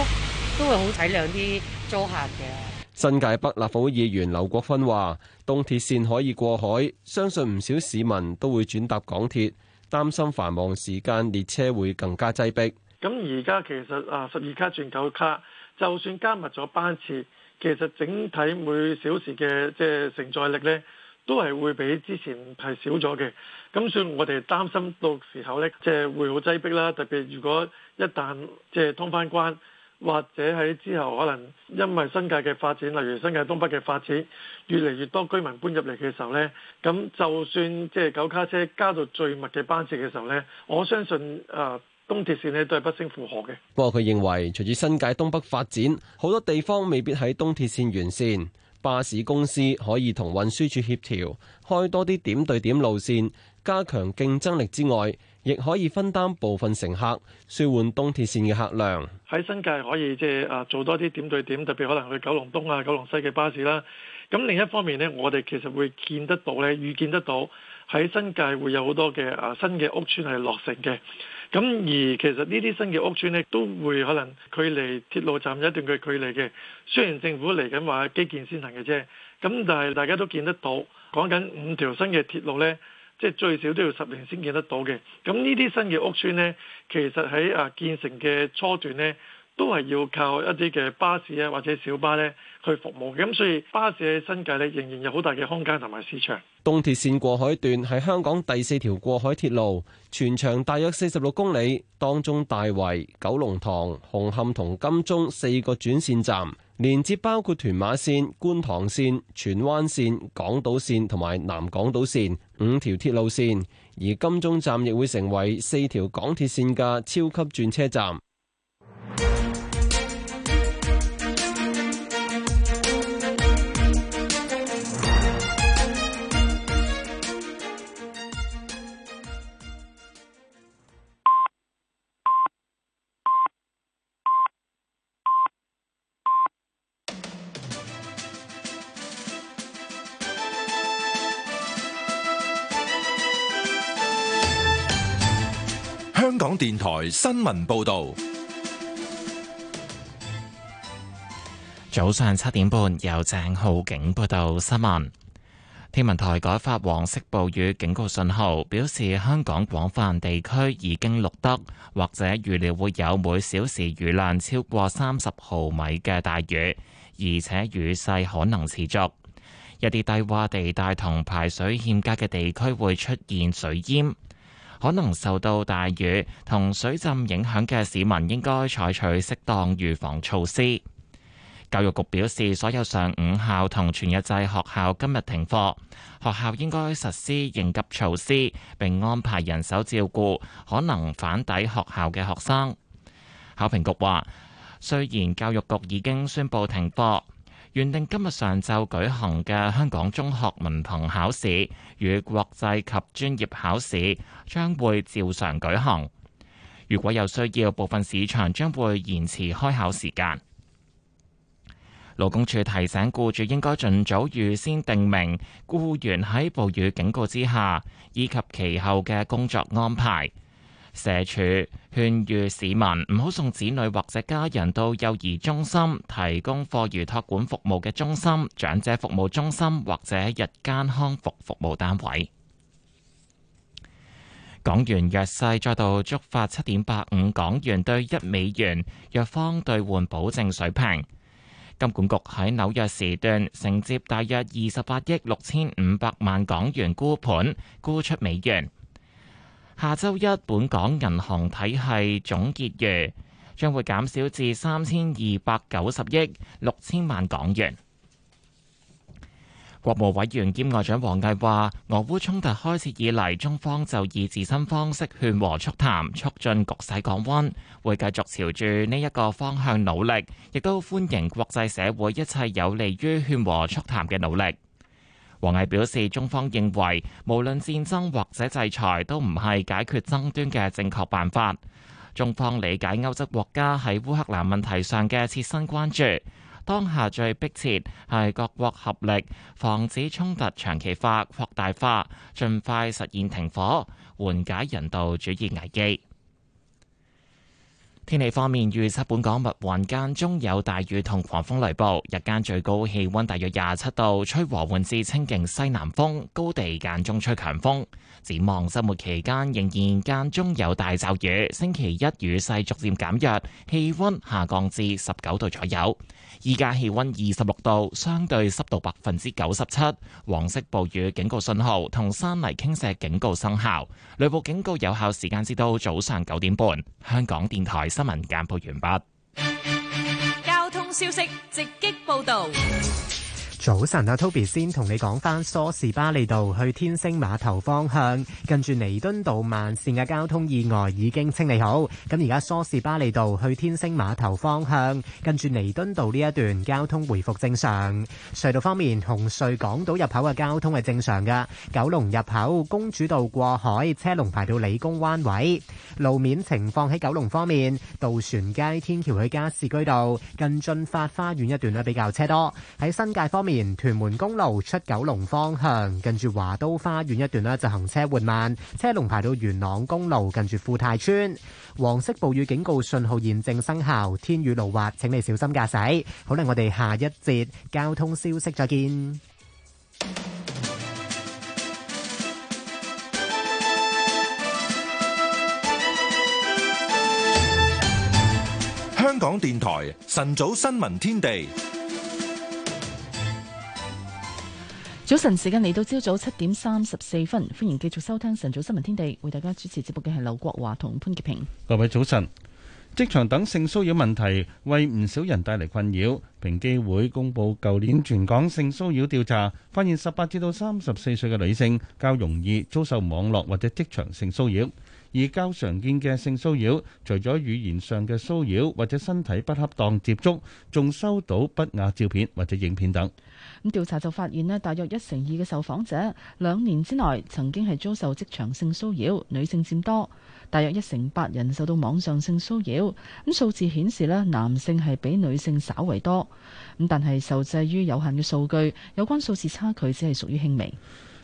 都會好體諒啲租客嘅。新界北立法會議員劉國芬話，東鐵綫可以過海，相信唔少市民都會轉搭港鐵。擔心繁忙時間，列車會更加擠迫。咁而家其實啊，十二卡轉九卡，就算加密咗班次，其實整體每小時嘅即係承載力咧，都係會比之前係少咗嘅。咁所以我哋擔心到時候咧，即係會好擠迫啦。特別如果一旦即係通翻關。或者喺之後可能因為新界嘅發展，例如新界東北嘅發展，越嚟越多居民搬入嚟嘅時候呢，咁就算即係九卡車加到最密嘅班次嘅時候呢，我相信誒東鐵線呢都係不勝負荷嘅。不過佢認為隨住新界東北發展，好多地方未必喺東鐵線完善，巴士公司可以同運輸署協調，開多啲點點對點路線，加強競爭力之外。亦可以分擔部分乘客，舒緩東鐵綫嘅客量。喺新界可以即係啊，做多啲點對點，特別可能去九龍東啊、九龍西嘅巴士啦。咁另一方面呢，我哋其實會見得到咧，預見得到喺新界會有好多嘅啊新嘅屋村係落成嘅。咁而其實呢啲新嘅屋村咧，都會可能距離鐵路站有一段嘅距離嘅。雖然政府嚟緊話基建先行嘅啫，咁但係大家都見得到，講緊五條新嘅鐵路呢。即係最少都要十年先見得到嘅。咁呢啲新嘅屋邨呢，其實喺啊建成嘅初段呢，都係要靠一啲嘅巴士啊或者小巴呢去服務。咁所以巴士喺新界呢仍然有好大嘅空間同埋市場。東鐵線過海段係香港第四條過海鐵路，全長大約四十六公里，當中大圍、九龍塘、紅磡同金鐘四個轉線站。連接包括屯馬線、觀塘線、荃灣線、港島線同埋南港島線五條鐵路線，而金鐘站亦會成為四條港鐵線嘅超級轉車站。電台新聞報道，早上七點半由鄭浩景報道新聞。天文台改發黃色暴雨警告信號，表示香港廣泛地區已經錄得或者預料會有每小時雨量超過三十毫米嘅大雨，而且雨勢可能持續。一啲低洼地帶同排水欠佳嘅地區會出現水淹。可能受到大雨同水浸影響嘅市民應該採取適當預防措施。教育局表示，所有上午校同全日制學校今日停課，學校應該實施應急措施，並安排人手照顧可能返抵學校嘅學生。考評局話，雖然教育局已經宣布停課。原定今日上晝舉行嘅香港中學文憑考試與國際及專業考試將會照常舉行。如果有需要，部分市場將會延遲開考時間。勞工處提醒僱主應該盡早預先定明僱員喺暴雨警告之下，以及其後嘅工作安排。社署勸喻市民唔好送子女或者家人到幼兒中心、提供課餘托管服務嘅中心、長者服務中心或者日間康復服務單位。港元弱勢再度觸發七點八五港元兌一美元弱方兌換保證水平。金管局喺紐約時段承接大約二十八億六千五百萬港元沽盤沽出美元。下周一，本港銀行體系總結餘將會減少至三千二百九十億六千萬港元。國務委員兼外長王毅話：俄烏衝突開始以嚟，中方就以自身方式勸和促談，促進局勢降溫，會繼續朝住呢一個方向努力，亦都歡迎國際社會一切有利於勸和促談嘅努力。王毅表示，中方認為無論戰爭或者制裁都唔係解決爭端嘅正確辦法。中方理解歐洲國家喺烏克蘭問題上嘅切身關注，當下最迫切係各國合力防止衝突長期化、擴大化，盡快實現停火，緩解人道主義危機。天氣方面，預測本港密雲間中有大雨同狂風雷暴，日間最高氣溫大約廿七度，吹和緩至清勁西南風，高地間中吹強風。展望周末期間仍然間中有大驟雨，星期一雨勢逐漸減弱，氣溫下降至十九度左右。依家氣溫二十六度，相對濕度百分之九十七，黃色暴雨警告信號同山泥傾瀉警告生效，雷暴警告有效時間至到早上九點半。香港電台新聞簡報完畢。交通消息直擊報道。早晨啊，Toby 先同你講翻梳士巴利道去天星碼頭方向，近住彌敦道慢綫嘅交通意外已經清理好。咁而家梳士巴利道去天星碼頭方向，近住彌敦道呢一段交通回復正常。隧道方面，紅隧港島入口嘅交通係正常噶。九龍入口公主道過海車龍排到理工灣位，路面情況喺九龍方面，渡船街天橋去加士居道近駿發花園一段咧比較車多。喺新界方面。沿屯門公路出九龍方向，近住華都花園一段呢，就行車緩慢，車龍排到元朗公路，近住富泰村。黃色暴雨警告信號現正生效，天雨路滑，請你小心駕駛。好啦，我哋下一節交通消息再見。香港電台晨早新聞天地。早晨時間嚟到朝早七點三十四分，歡迎繼續收聽晨早新聞天地，為大家主持節目嘅係劉國華同潘潔平。各位早晨，職場等性騷擾問題為唔少人帶嚟困擾。平機會公布舊年全港性騷擾調查，發現十八至到三十四歲嘅女性較容易遭受網絡或者職場性騷擾。而較常見嘅性騷擾，除咗語言上嘅騷擾或者身體不恰當接觸，仲收到不雅照片或者影片等。咁調查就發現呢，大約一成二嘅受訪者兩年之內曾經係遭受職場性騷擾，女性佔多，大約一成八人受到網上性騷擾。咁數字顯示呢，男性係比女性稍微多。咁但係受制於有限嘅數據，有關數字差距只係屬於輕微。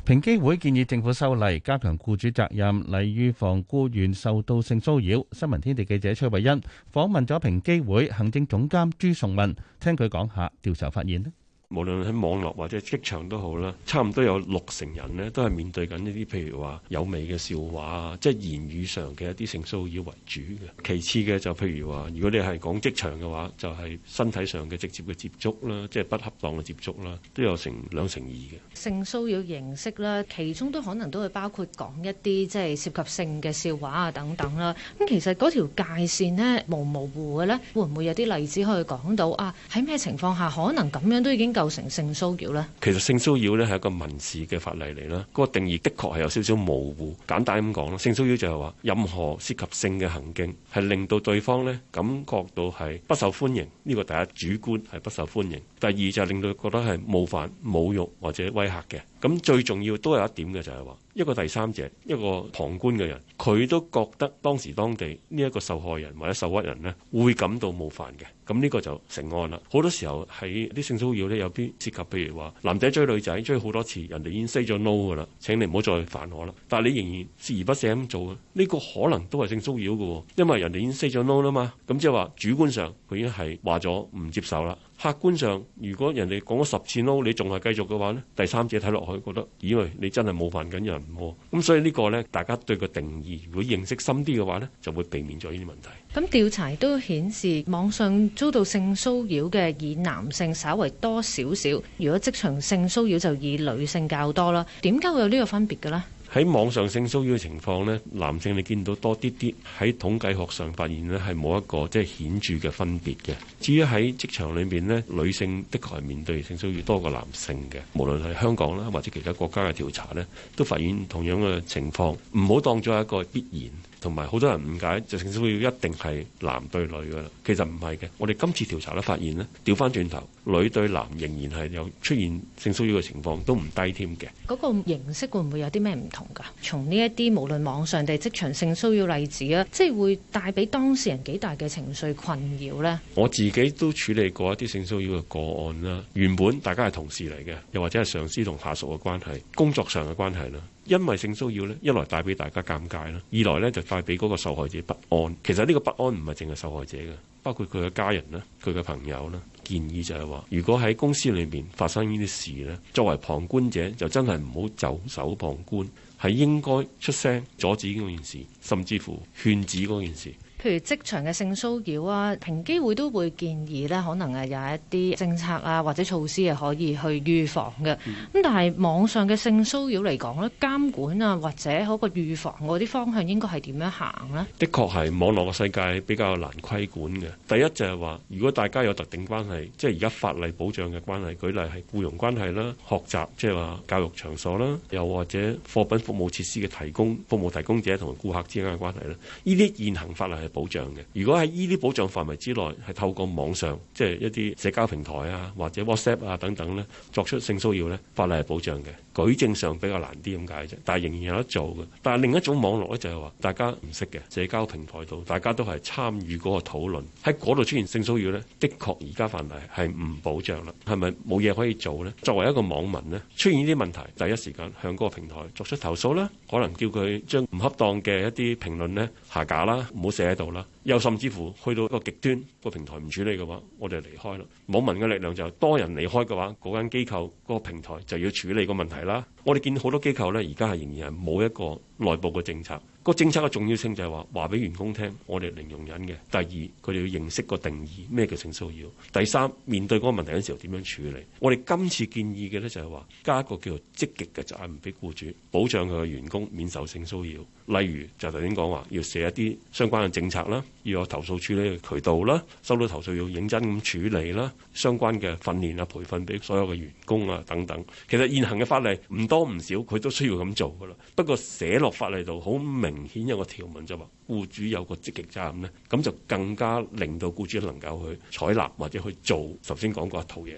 平機會建議政府修例加強僱主責任，嚟預防僱員受到性騷擾。新聞天地記者崔慧欣訪問咗平機會行政總監朱崇文，聽佢講下調查發現。無論喺網絡或者職場都好啦，差唔多有六成人呢，都係面對緊呢啲，譬如話有味嘅笑話啊，即係言語上嘅一啲性騷擾為主嘅。其次嘅就譬如話，如果你係講職場嘅話，就係身體上嘅直接嘅接觸啦，即係不恰當嘅接觸啦，都有成兩成二嘅性騷擾形式啦。其中都可能都係包括講一啲即係涉及性嘅笑話啊等等啦。咁其實嗰條界線呢，模模糊嘅咧，會唔會有啲例子可以講到啊？喺咩情況下可能咁樣都已經？構成性騷擾咧？其實性騷擾咧係一個民事嘅法例嚟啦，嗰個定義的確係有少少模糊。簡單咁講啦，性騷擾就係話任何涉及性嘅行徑，係令到對方咧感覺到係不受歡迎。呢個第一主觀係不受歡迎。第二就係令到佢覺得係冒犯、侮辱或者威嚇嘅。咁最重要都有一點嘅，就係話一個第三者一個旁觀嘅人，佢都覺得當時當地呢一個受害人或者受屈人咧會感到冒犯嘅。咁呢個就成案啦。好多時候喺啲性騷擾呢，有啲涉及，譬如話男仔追女仔追好多次，人哋已經 say 咗 no 噶啦，請你唔好再煩我啦。但係你仍然鍥而不捨咁做，呢個可能都係性騷擾嘅，因為人哋已經 say 咗 no 啦嘛。咁即係話主觀上佢已經係話咗唔接受啦。客觀上，如果人哋講咗十次 no，你仲係繼續嘅話咧，第三者睇落去覺得，咦？你真係冒犯緊人喎。咁所以呢個咧，大家對個定義如果認識深啲嘅話咧，就會避免咗呢啲問題。咁調查都顯示，網上遭到性騷擾嘅以男性稍為多少少，如果職場性騷擾就以女性較多啦。點解會有呢個分別嘅呢？喺網上性騷擾嘅情況呢，男性你見到多啲啲，喺統計學上發現呢，係冇一個即係、就是、顯著嘅分別嘅。至於喺職場裏面，呢，女性的確係面對性騷擾多過男性嘅，無論係香港啦，或者其他國家嘅調查呢，都發現同樣嘅情況，唔好當作係一個必然。同埋好多人誤解，就性騷擾一定係男對女噶啦，其實唔係嘅。我哋今次調查咧發現咧，調翻轉頭，女對男仍然係有出現性騷擾嘅情況，都唔低添嘅。嗰個形式會唔會有啲咩唔同噶？從呢一啲無論網上定職場性騷擾例子啊，即係會帶俾當事人幾大嘅情緒困擾咧。我自己都處理過一啲性騷擾嘅個案啦。原本大家係同事嚟嘅，又或者係上司同下屬嘅關係，工作上嘅關係啦。因為性騷擾咧，一來帶俾大家尷尬啦，二來咧就帶俾嗰個受害者不安。其實呢個不安唔係淨係受害者嘅，包括佢嘅家人啦、佢嘅朋友啦。建議就係話，如果喺公司裏面發生呢啲事咧，作為旁觀者就真係唔好袖手旁觀，係應該出聲阻止嗰件事，甚至乎勸止嗰件事。譬如職場嘅性騷擾啊，平機會都會建議咧，可能係有一啲政策啊或者措施係可以去預防嘅。咁但係網上嘅性騷擾嚟講咧，監管啊或者嗰個預防嗰啲方向應該係點樣行咧？的確係網絡嘅世界比較難規管嘅。第一就係話，如果大家有特定關係，即係而家法例保障嘅關係，舉例係僱傭關係啦、學習即係話教育場所啦，又或者貨品服務設施嘅提供，服務提供者同埋顧客之間嘅關係咧，呢啲現行法例，係保障嘅，如果喺呢啲保障範圍之內，係透過網上，即係一啲社交平台啊，或者 WhatsApp 啊等等咧，作出性騷擾咧，法例係保障嘅。舉證上比較難啲咁解啫，但係仍然有得做嘅。但係另一種網絡咧就係話，大家唔識嘅社交平台度，大家都係參與嗰個討論，喺嗰度出現性騷擾咧，的確而家範圍係唔保障啦，係咪冇嘢可以做咧？作為一個網民咧，出現呢啲問題，第一時間向嗰個平台作出投訴啦，可能叫佢將唔恰當嘅一啲評論咧下架啦，唔好寫喺度啦。又甚至乎去到一個極端，個平台唔處理嘅話，我哋離開啦。網民嘅力量就係，多人離開嘅話，嗰間機構嗰個平台就要處理個問題啦。我哋見好多機構咧，而家係仍然係冇一個內部嘅政策。個政策嘅重要性就係話，話俾員工聽，我哋零容忍嘅。第二，佢哋要認識個定義，咩叫性騷擾。第三，面對嗰個問題嘅時候點樣處理？我哋今次建議嘅咧就係話加一個叫做積極嘅責任俾僱主，保障佢嘅員工免受性騷擾。例如就頭先講話，要寫一啲相關嘅政策啦，要有投訴處理嘅渠道啦，收到投訴要認真咁處理啦，相關嘅訓練啊、培訓俾所有嘅員工啊等等。其實現行嘅法例唔多唔少，佢都需要咁做噶啦。不過寫落法例度好明顯有個條文就話，僱主有個積極責任咧，咁就更加令到僱主能夠去採納或者去做頭先講嗰一套嘢。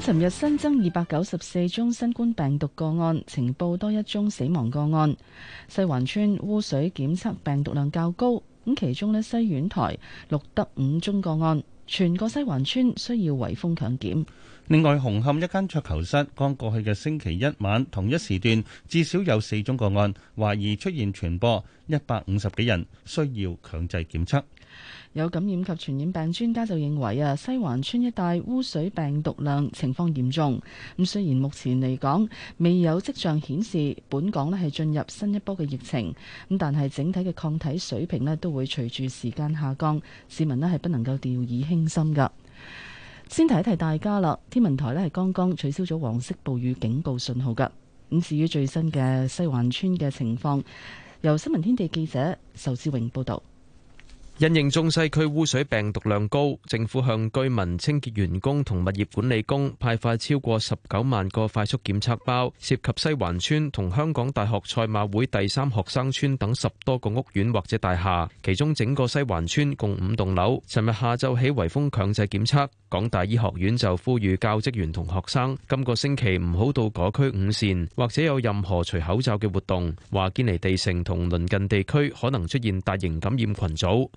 尋日新增二百九十四宗新冠病毒個案，呈報多一宗死亡個案。西環村污水檢測病毒量較高，咁其中呢西苑台錄得五宗個案，全個西環村需要圍封強檢。另外，紅磡一間桌球室，剛過去嘅星期一晚同一時段，至少有四宗個案懷疑出現傳播，一百五十幾人需要強制檢測。有感染及傳染病專家就認為啊，西環村一帶污水病毒量情況嚴重。咁雖然目前嚟講未有跡象顯示本港咧係進入新一波嘅疫情，咁但係整體嘅抗體水平咧都會隨住時間下降，市民咧係不能夠掉以輕心噶。先提一提大家啦，天文台咧係剛剛取消咗黃色暴雨警告信號噶。咁至於最新嘅西環村嘅情況，由新聞天地記者壽志榮報道。因應中西區污水病毒量高，政府向居民、清潔員工同物業管理工派發超過十九萬個快速檢測包，涉及西環村同香港大學賽馬會第三學生村等十多個屋苑或者大廈，其中整個西環村共五棟樓。尋日下晝起，圍封強制檢測，港大醫學院就呼籲教職員同學生今個星期唔好到嗰區五線或者有任何除口罩嘅活動。華堅尼地城同鄰近地區可能出現大型感染群組。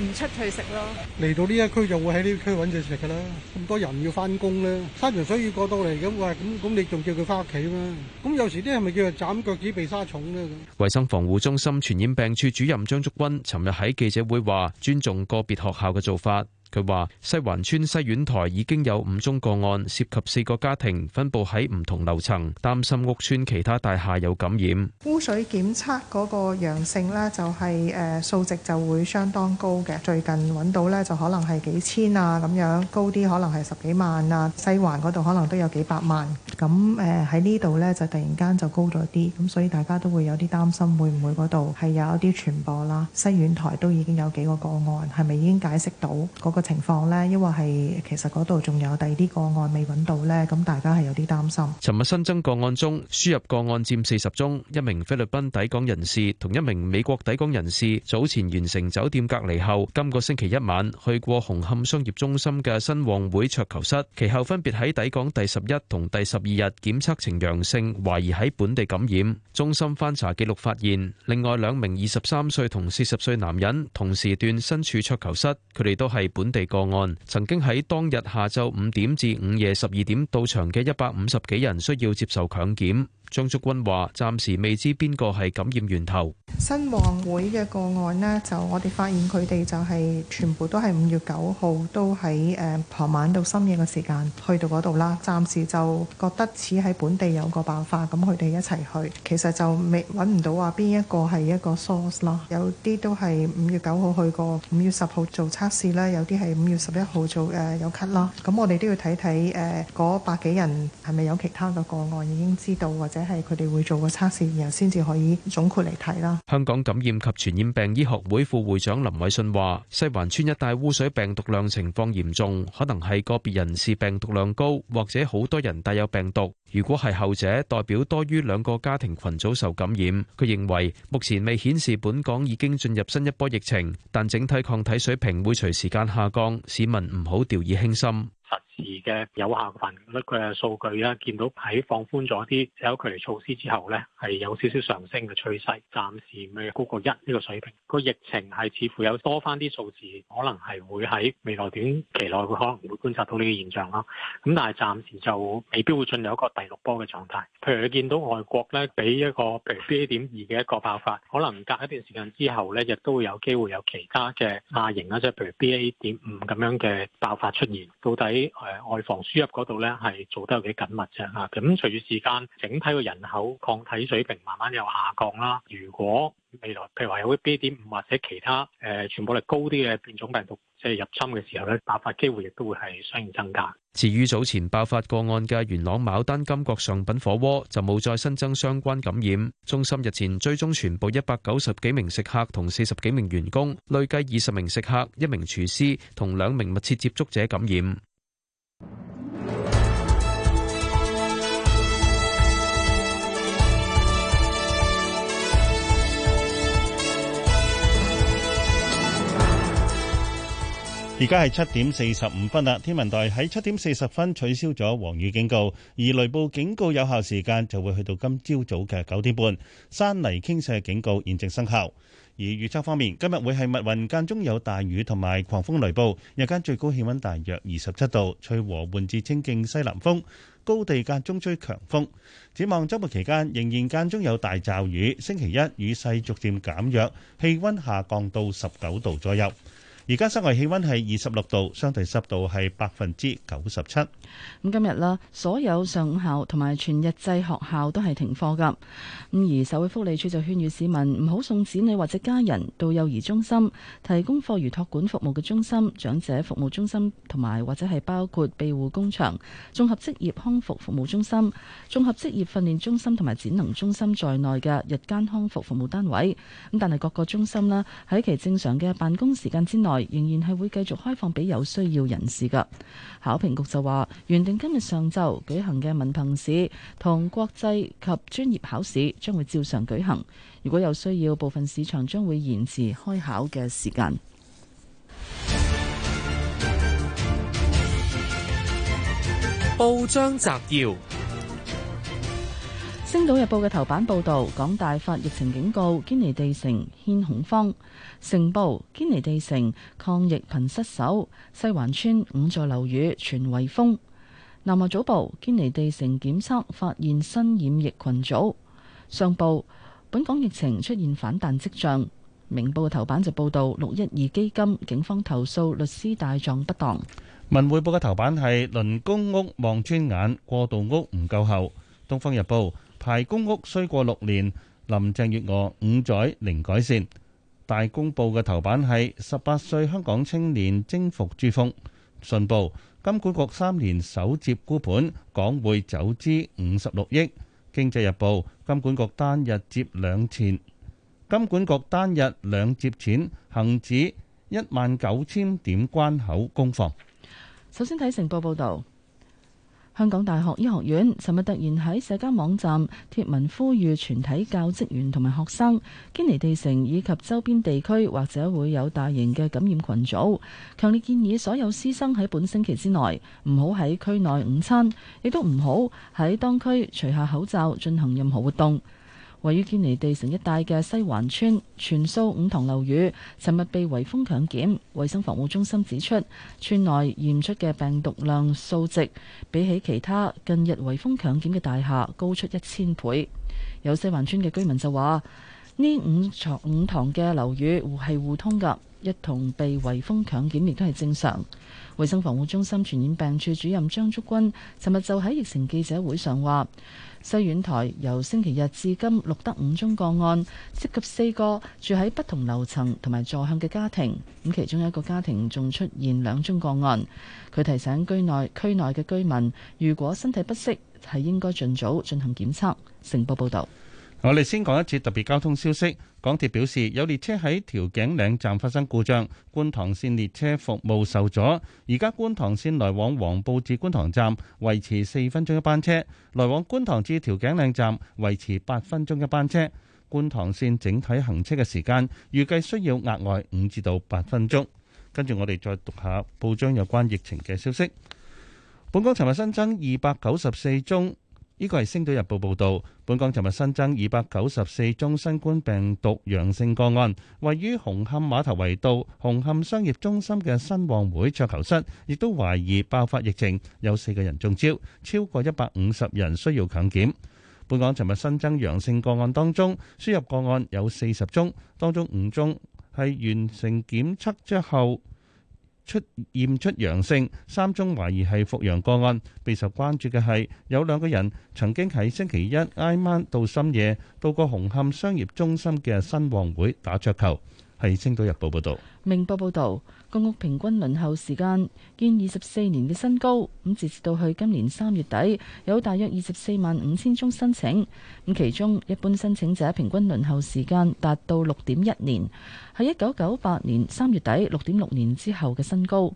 唔出去食咯，嚟到呢一區就會喺呢區揾嘢食噶啦。咁多人要翻工咧，山長水遠過到嚟咁，我話咁咁，你仲叫佢翻屋企咩？咁有時啲係咪叫做斬腳趾避沙蟲咧？咁，衞生防護中心傳染病處主任張竹君尋日喺記者會話：尊重個別學校嘅做法。佢話西環村西苑台已經有五宗個案，涉及四個家庭分，分布喺唔同樓層，擔心屋邨其他大廈有感染。污水檢測嗰個陽性咧、就是，就係誒數值就會相當高嘅。最近揾到咧，就可能係幾千啊咁樣高啲可能係十幾萬啊。西環嗰度可能都有幾百萬，咁誒喺呢度咧就突然間就高咗啲，咁所以大家都會有啲擔心，會唔會嗰度係有一啲傳播啦？西苑台都已經有幾個個案，係咪已經解釋到嗰、嗰個？情況呢，因為係其實嗰度仲有第二啲個案未揾到呢，咁大家係有啲擔心。尋日新增個案中，輸入個案佔四十宗，一名菲律賓抵港人士同一名美國抵港人士，早前完成酒店隔離後，今個星期一晚去過紅磡商業中心嘅新旺會桌球室，其後分別喺抵港第十一同第十二日檢測呈陽性，懷疑喺本地感染。中心翻查記錄發現，另外兩名二十三歲同四十歲男人，同時段身處桌球室，佢哋都係本地個案。曾經喺當日下晝五點至午夜十二點到場嘅一百五十幾人，需要接受強檢。張竹君話：暫時未知邊個係感染源頭。新旺會嘅個案呢，就我哋發現佢哋就係全部都係五月九號都喺誒傍晚到深夜嘅時間去到嗰度啦。暫時就覺得似喺本地有個爆發，咁佢哋一齊去，其實就未揾唔到話邊一個係一個 source 啦。有啲都係五月九號去過，五月十號做測試啦；有啲係五月十一號做誒、呃、有咳啦。咁我哋都要睇睇誒嗰百幾人係咪有其他嘅個案已經知道或者？係佢哋會做個測試，然後先至可以總括嚟睇啦。香港感染及傳染病醫學會副會長林偉信話，西環村一帶污水病毒量情況嚴重，可能係個別人士病毒量高，或者好多人帶有病毒。如果係後者，代表多於兩個家庭群組受感染。佢認為目前未顯示本港已經進入新一波疫情，但整體抗體水平會隨時間下降，市民唔好掉以輕心。時嘅有效範圍率佢嘅數據啦，見到喺放寬咗啲社交距離措施之後咧，係有少少上升嘅趨勢。暫時未高過一呢個水平。這個疫情係似乎有多翻啲數字，可能係會喺未來短期內佢可能會觀察到呢個現象啦。咁但係暫時就未必會進入一個第六波嘅狀態。譬如你見到外國咧，俾一個譬如 B A 點二嘅一個爆發，可能隔一段時間之後咧，亦都會有機會有其他嘅亞型啦，即係譬如 B A 點五咁樣嘅爆發出現。到底？誒外防輸入嗰度咧，係做得有幾緊密啫嚇。咁隨住時間，整體個人口抗體水平慢慢又下降啦。如果未來譬如話有啲 B 點五或者其他誒傳播率高啲嘅變種病毒即係入侵嘅時候咧，爆發機會亦都會係相應增加。至於早前爆發個案嘅元朗牡丹金閣上品火鍋，就冇再新增相關感染。中心日前追蹤全部一百九十幾名食客同四十幾名員工，累計二十名食客、一名廚師同兩名密切接觸者感染。而家係七點四十五分啦。天文台喺七點四十分取消咗黃雨警告，而雷暴警告有效時間就會去到今朝早嘅九點半。山泥傾瀉嘅警告現正生效。而預測方面，今日會係密雲間中有大雨同埋狂風雷暴，日間最高氣溫大約二十七度，吹和緩至清勁西南風，高地間中吹強風。展望周末期間，仍然間中有大驟雨，星期一雨勢逐漸減弱，氣温下降到十九度左右。而家室外氣溫係二十六度，相對濕度係百分之九十七。咁今日啦，所有上午校同埋全日制學校都係停課㗎。咁而社會福利署就勸喻市民唔好送子女或者家人到幼兒中心、提供課餘託管服務嘅中心、長者服務中心同埋或者係包括庇護工場、綜合職業康復服務中心、綜合職業訓練中心同埋展能中心在內嘅日間康復服務單位。咁但係各個中心啦，喺其正常嘅辦公時間之內。仍然係會繼續開放俾有需要人士噶。考評局就話，原定今日上晝舉行嘅文憑試同國際及專業考試將會照常舉行。如果有需要，部分市場將會延遲開考嘅時間。報章摘要。星島日報嘅頭版報道，港大發疫情警告，堅尼地城欠恐慌。成報，堅尼地城抗疫頻失守，西環村五座樓宇全圍封。南華早報，堅尼地城檢測發現新染疫群組。上報，本港疫情出現反彈跡象。明報嘅頭版就報道六一二基金警方投訴律師大狀不當。文匯報嘅頭版係輪公屋望穿眼，過渡屋唔夠喉。東方日報排公屋需過六年，林鄭月娥五載零改善。大公報嘅頭版係十八歲香港青年征服珠峰。信報，金管局三年首接沽盤，港匯走資五十六億。經濟日報，金管局單日接兩千。金管局單日兩接錢，恆指一萬九千點關口攻防。首先睇成報報導。香港大學醫學院尋日突然喺社交網站貼文呼籲全體教職員同埋學生，堅尼地城以及周邊地區或者會有大型嘅感染群組，強烈建議所有師生喺本星期之內唔好喺區內午餐，亦都唔好喺當區除下口罩進行任何活動。位於堅尼地城一帶嘅西環村全數五幢樓宇，尋日被圍封強檢。衛生防護中心指出，村內驗出嘅病毒量數值，比起其他近日圍封強檢嘅大廈高出一千倍。有西環村嘅居民就話：呢五幢五幢嘅樓宇係互通㗎，一同被圍封強檢亦都係正常。衛生防護中心傳染病處主任張竹君尋日就喺疫情記者會上話。西苑台由星期日至今錄得五宗個案，涉及四個住喺不同樓層同埋座向嘅家庭，咁其中一個家庭仲出現兩宗個案。佢提醒居內區內嘅居民，如果身體不適，係應該盡早進行檢測。報報《成報》報道。我哋先講一次特別交通消息。港鐵表示有列車喺調景嶺站發生故障，觀塘線列車服務受阻。而家觀塘線來往黃埔至觀塘站維持四分鐘一班車，來往觀塘至調景嶺站維持八分鐘一班車。觀塘線整體行車嘅時間預計需要額外五至到八分鐘。跟住我哋再讀下報章有關疫情嘅消息。本港尋日新增二百九十四宗。呢個係《星島日報》報道，本港尋日新增二百九十四宗新冠病毒陽性個案，位於紅磡碼頭圍道紅磡商業中心嘅新旺會桌球室亦都懷疑爆發疫情，有四個人中招，超過一百五十人需要強檢。本港尋日新增陽性個案當中，輸入個案有四十宗，當中五宗係完成檢測之後。出驗出陽性，三宗懷疑係復陽個案。備受關注嘅係有兩個人曾經喺星期一挨晚到深夜到過紅磡商業中心嘅新旺會打桌球。係《星島日報》報道，《明報》報道。公屋平均輪候時間見二十四年嘅新高，咁直至到去今年三月底有大約二十四萬五千宗申請，咁其中一般申請者平均輪候時間達到六點一年，係一九九八年三月底六點六年之後嘅新高。咁、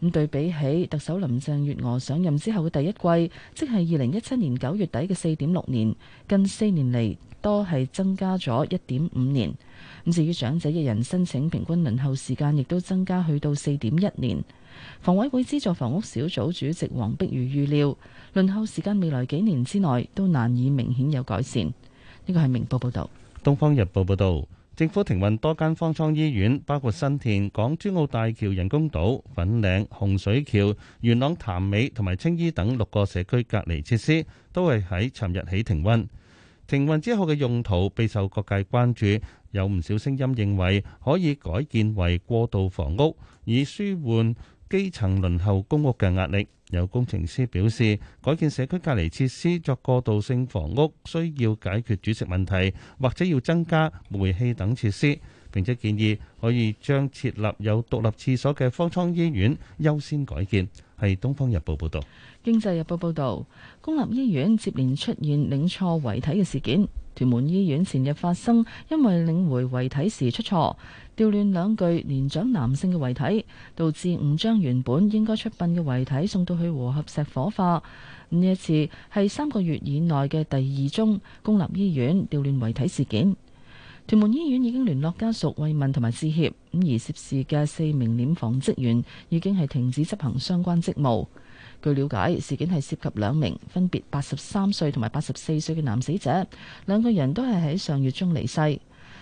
嗯、對比起特首林鄭月娥上任之後嘅第一季，即係二零一七年九月底嘅四點六年，近四年嚟多係增加咗一點五年。至於長者嘅人申請平均輪候時間，亦都增加去到四點一年。房委會資助房屋小組主席黃碧如預料，輪候時間未來幾年之內都難以明顯有改善。呢個係明報報導，《東方日報》報導，政府停運多間方艙醫院，包括新田、港珠澳大橋人工島、粉嶺、洪水橋、元朗潭尾同埋青衣等六個社區隔離設施，都係喺尋日起停運。停運之後嘅用途，備受各界關注。有唔少聲音認為可以改建為過渡房屋，以舒緩基層輪候公屋嘅壓力。有工程師表示，改建社區隔離設施作過渡性房屋，需要解決煮食問題，或者要增加煤氣等設施。並且建議可以將設立有獨立廁所嘅方艙醫院優先改建。係《東方日報》報導。《經濟日報》報導，公立醫院接連出現領錯遺體嘅事件。屯門醫院前日發生，因為領回遺體時出錯，調亂兩具年長男性嘅遺體，導致誤將原本應該出殯嘅遺體送到去和合石火化。呢一次係三個月以內嘅第二宗公立醫院調亂遺體事件。屯門醫院已經聯絡家屬慰問同埋致歉，咁而涉事嘅四名殮房職員已經係停止執行相關職務。據了解，事件係涉及兩名分別八十三歲同埋八十四歲嘅男死者，兩個人都係喺上月中離世。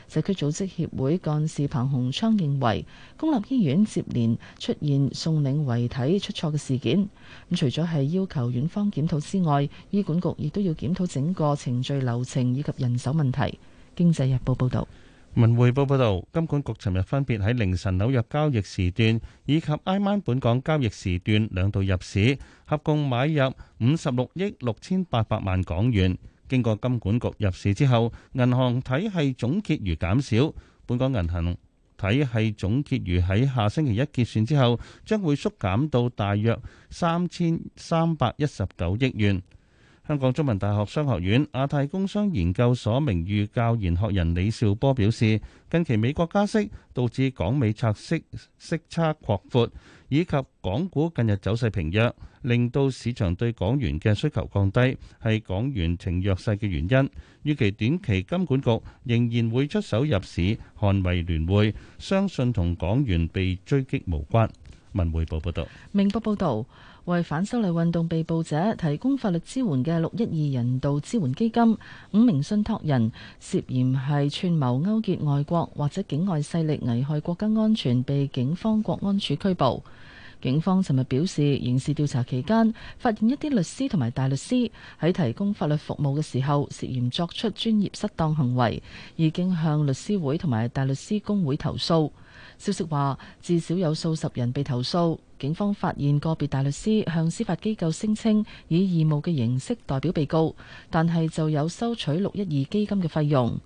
社區組織協會幹事彭洪昌認為，公立醫院接連出現送領遺體出錯嘅事件，咁除咗係要求院方檢討之外，醫管局亦都要檢討整個程序流程以及人手問題。經濟日報報道。文匯報報道，金管局尋日分別喺凌晨紐約交易時段以及挨晚本港交易時段兩度入市，合共買入五十六億六千八百萬港元。經過金管局入市之後，銀行體系總結餘減少，本港銀行體系總結餘喺下星期一結算之後，將會縮減到大約三千三百一十九億元。香港中文大學商學院亞太工商研究所名譽教研學人李兆波表示，近期美國加息導致港美拆息息差擴闊，以及港股近日走勢平弱，令到市場對港元嘅需求降低，係港元呈弱勢嘅原因。預期短期金管局仍然會出手入市捍衛聯匯，相信同港元被追擊無關。文匯報報道，明報報道。為反修例運動被捕者提供法律支援嘅六一二人道支援基金五名信託人涉嫌係串謀勾結外國或者境外勢力危害國家安全，被警方國安處拘捕。警方尋日表示，刑事調查期間發現一啲律師同埋大律師喺提供法律服務嘅時候涉嫌作出專業失當行為，已經向律師會同埋大律師公會投訴。消息話，至少有數十人被投訴。警方發現個別大律師向司法機構聲稱以義務嘅形式代表被告，但係就有收取六一二基金嘅費用。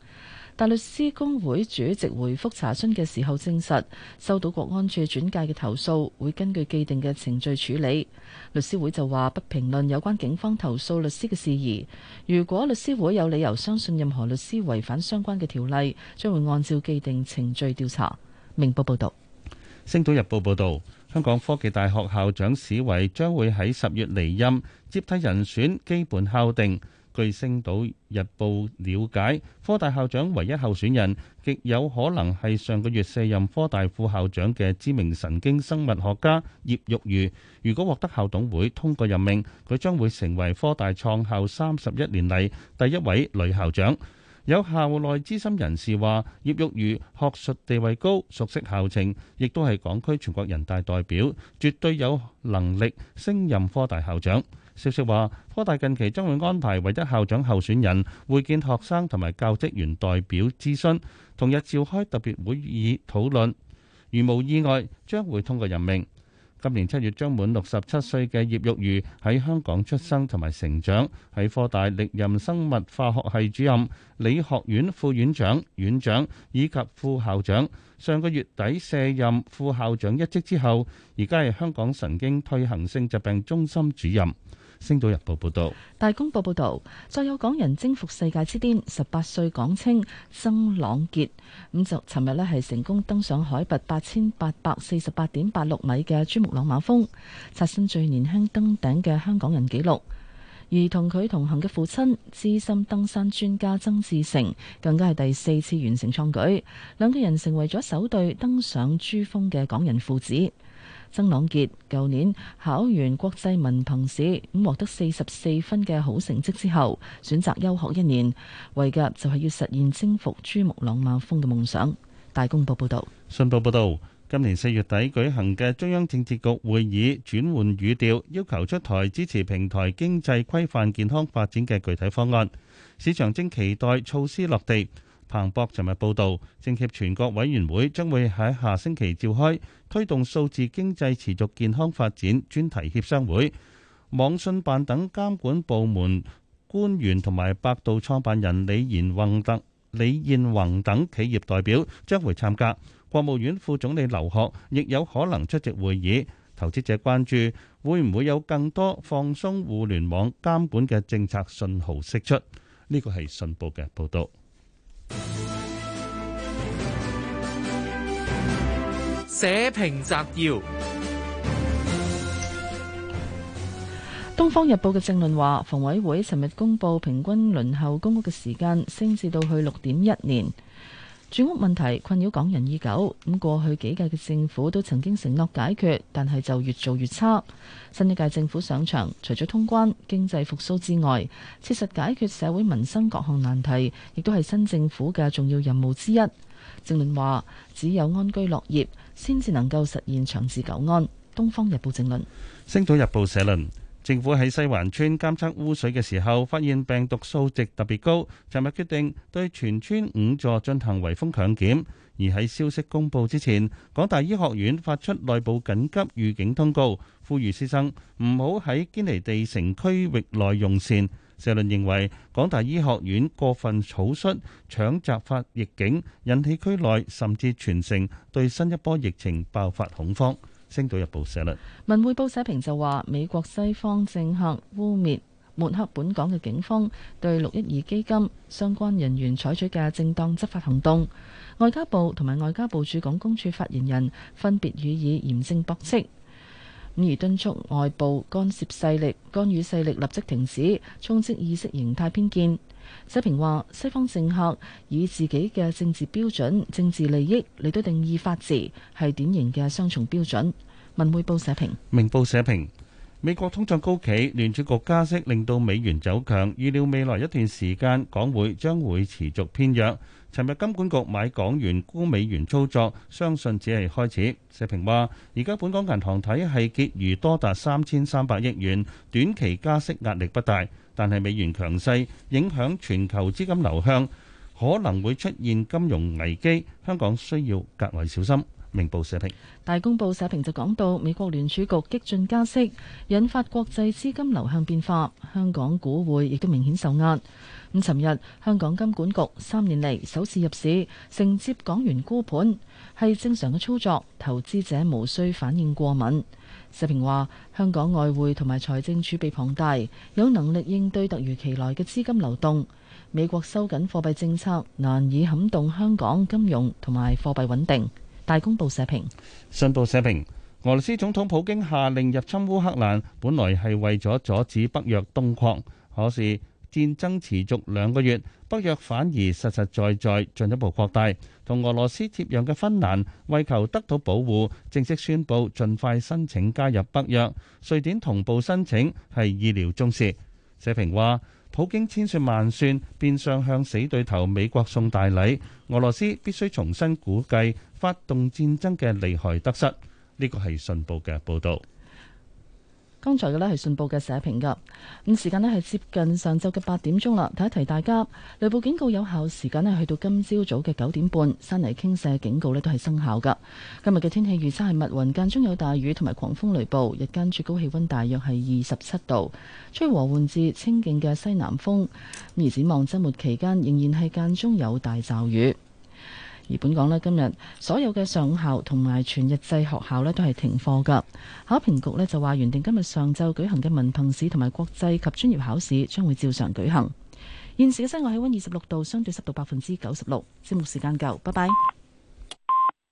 大律師公會主席回覆查詢嘅時候證實，收到國安處轉介嘅投訴，會根據既定嘅程序處理。律師會就話不評論有關警方投訴律師嘅事宜。如果律師會有理由相信任何律師違反相關嘅條例，將會按照既定程序調查。明報報道，《星島日報》報道，香港科技大學校長史維將會喺十月離任，接替人選基本敲定。據《星島日報》了解，科大校長唯一候選人極有可能係上個月卸任科大副校長嘅知名神經生物學家葉玉如。如果獲得校董會通過任命，佢將會成為科大創校三十一年嚟第一位女校長。有校內資深人士話：葉玉如學術地位高、熟悉校情，亦都係港區全國人大代表，絕對有能力升任科大校長。消息話，科大近期將會安排唯一校長候選人會見學生同埋教職員代表諮詢，同日召開特別會議討論。如無意外，將會通過任命。今年七月將滿六十七歲嘅葉玉如喺香港出生同埋成長，喺科大歷任生物化學系主任、理學院副院長、院長以及副校長。上個月底卸任副校長一職之後，而家係香港神經退行性疾病中心主任。星島日報報道，大公報報道，再有港人征服世界之巔。十八歲港青曾朗傑咁就呢，尋日咧，係成功登上海拔八千八百四十八點八六米嘅珠穆朗瑪峰，刷新最年輕登頂嘅香港人紀錄。而同佢同行嘅父親資深登山專家曾志成，更加係第四次完成創舉，兩個人成為咗首對登上珠峰嘅港人父子。曾朗傑舊年考完國際文憑試，咁獲得四十四分嘅好成績之後，選擇休學一年，為嘅就係要實現征服珠穆朗瑪峰嘅夢想。大公報報道，信報報道，今年四月底舉行嘅中央政治局會議轉換語調，要求出台支持平台經濟規範健康發展嘅具體方案，市場正期待措施落地。彭博尋日報導，政協全國委員會將會喺下星期召開推動數字經濟持續健康發展專題協商會，網信辦等監管部門官員同埋百度創辦人李彥宏、特李彥宏等企業代表將會參加。國務院副總理劉鶴亦有可能出席會議。投資者關注會唔會有更多放鬆互聯網監管嘅政策信號釋出。呢個係信報嘅報導。社評摘要，《東方日報》嘅政論話，房委會尋日公布平均輪候公屋嘅時間升至到去六點一年。住屋問題困擾港人已久，咁過去幾屆嘅政府都曾經承諾解決，但係就越做越差。新一屆政府上場，除咗通關、經濟復甦之外，切實解決社會民生各項難題，亦都係新政府嘅重要任務之一。政論話，只有安居樂業，先至能夠實現長治久安。《東方日報》政論，《星島日報》社論。政府喺西環村監測污水嘅時候，發現病毒數值特別高，尋日決定對全村五座進行圍封強檢。而喺消息公布之前，港大醫學院發出內部緊急預警通告，呼籲師生唔好喺堅尼地城區域內用膳。社論認為港大醫學院過分草率搶襲發疫警，引起區內甚至全城對新一波疫情爆發恐慌。星島日報社啦，文匯報社評就話，美國西方政客污蔑抹黑本港嘅警方對六一二基金相關人員採取嘅正當執法行動，外交部同埋外交部駐港公署發言人分別予以嚴正駁斥，五而敦促外部干涉勢力、干預勢力立即停止衝擊意識形態偏見。社評話：西方政客以自己嘅政治標準、政治利益嚟到定義法治，係典型嘅雙重標準。文匯報社評、明報社評。美國通脹高企，聯儲局加息令到美元走強，預料未來一段時間港匯將會持續偏弱。尋日金管局買港元沽美元操作，相信只係開始。社評話：而家本港銀行體系結餘多達三千三百億元，短期加息壓力不大。但係美元強勢影響全球資金流向，可能會出現金融危機，香港需要格外小心。明報社評。大公報社評就講到，美國聯儲局激進加息，引發國際資金流向變化，香港股匯亦都明顯受壓。咁尋日香港金管局三年嚟首次入市承接港元沽盤，係正常嘅操作，投資者無需反應過敏。社評話：香港外匯同埋財政儲備龐大，有能力應對突如其來嘅資金流動。美國收緊貨幣政策，難以撼動香港金融同埋貨幣穩定。大公報社評。信報社評，俄羅斯總統普京下令入侵烏克蘭，本來係為咗阻止北約東擴，可是。戰爭持續兩個月，北約反而實實在在進一步擴大。同俄羅斯接壤嘅芬蘭為求得到保護，正式宣佈盡快申請加入北約。瑞典同步申請係意料中事。社評話：普京千算萬算，變相向死對頭美國送大禮。俄羅斯必須重新估計發動戰爭嘅利害得失。呢個係信報嘅報道。剛才嘅呢係信報嘅社評噶，咁時間呢係接近上晝嘅八點鐘啦。提一提大家，雷暴警告有效時間呢去到今朝早嘅九點半，山泥傾瀉警告呢都係生效噶。今日嘅天氣預測係密雲間中有大雨同埋狂風雷暴，日間最高氣溫大約係二十七度，吹和緩至清勁嘅西南風，而展望周末期間仍然係間中有大驟雨。而本港呢今日所有嘅上午校同埋全日制學校呢都係停課㗎，考評局呢就話原定今日上晝舉行嘅文憑試同埋國際及專業考試將會照常舉行。現時嘅室外氣溫二十六度，相對濕度百分之九十六。節目時間夠，拜拜。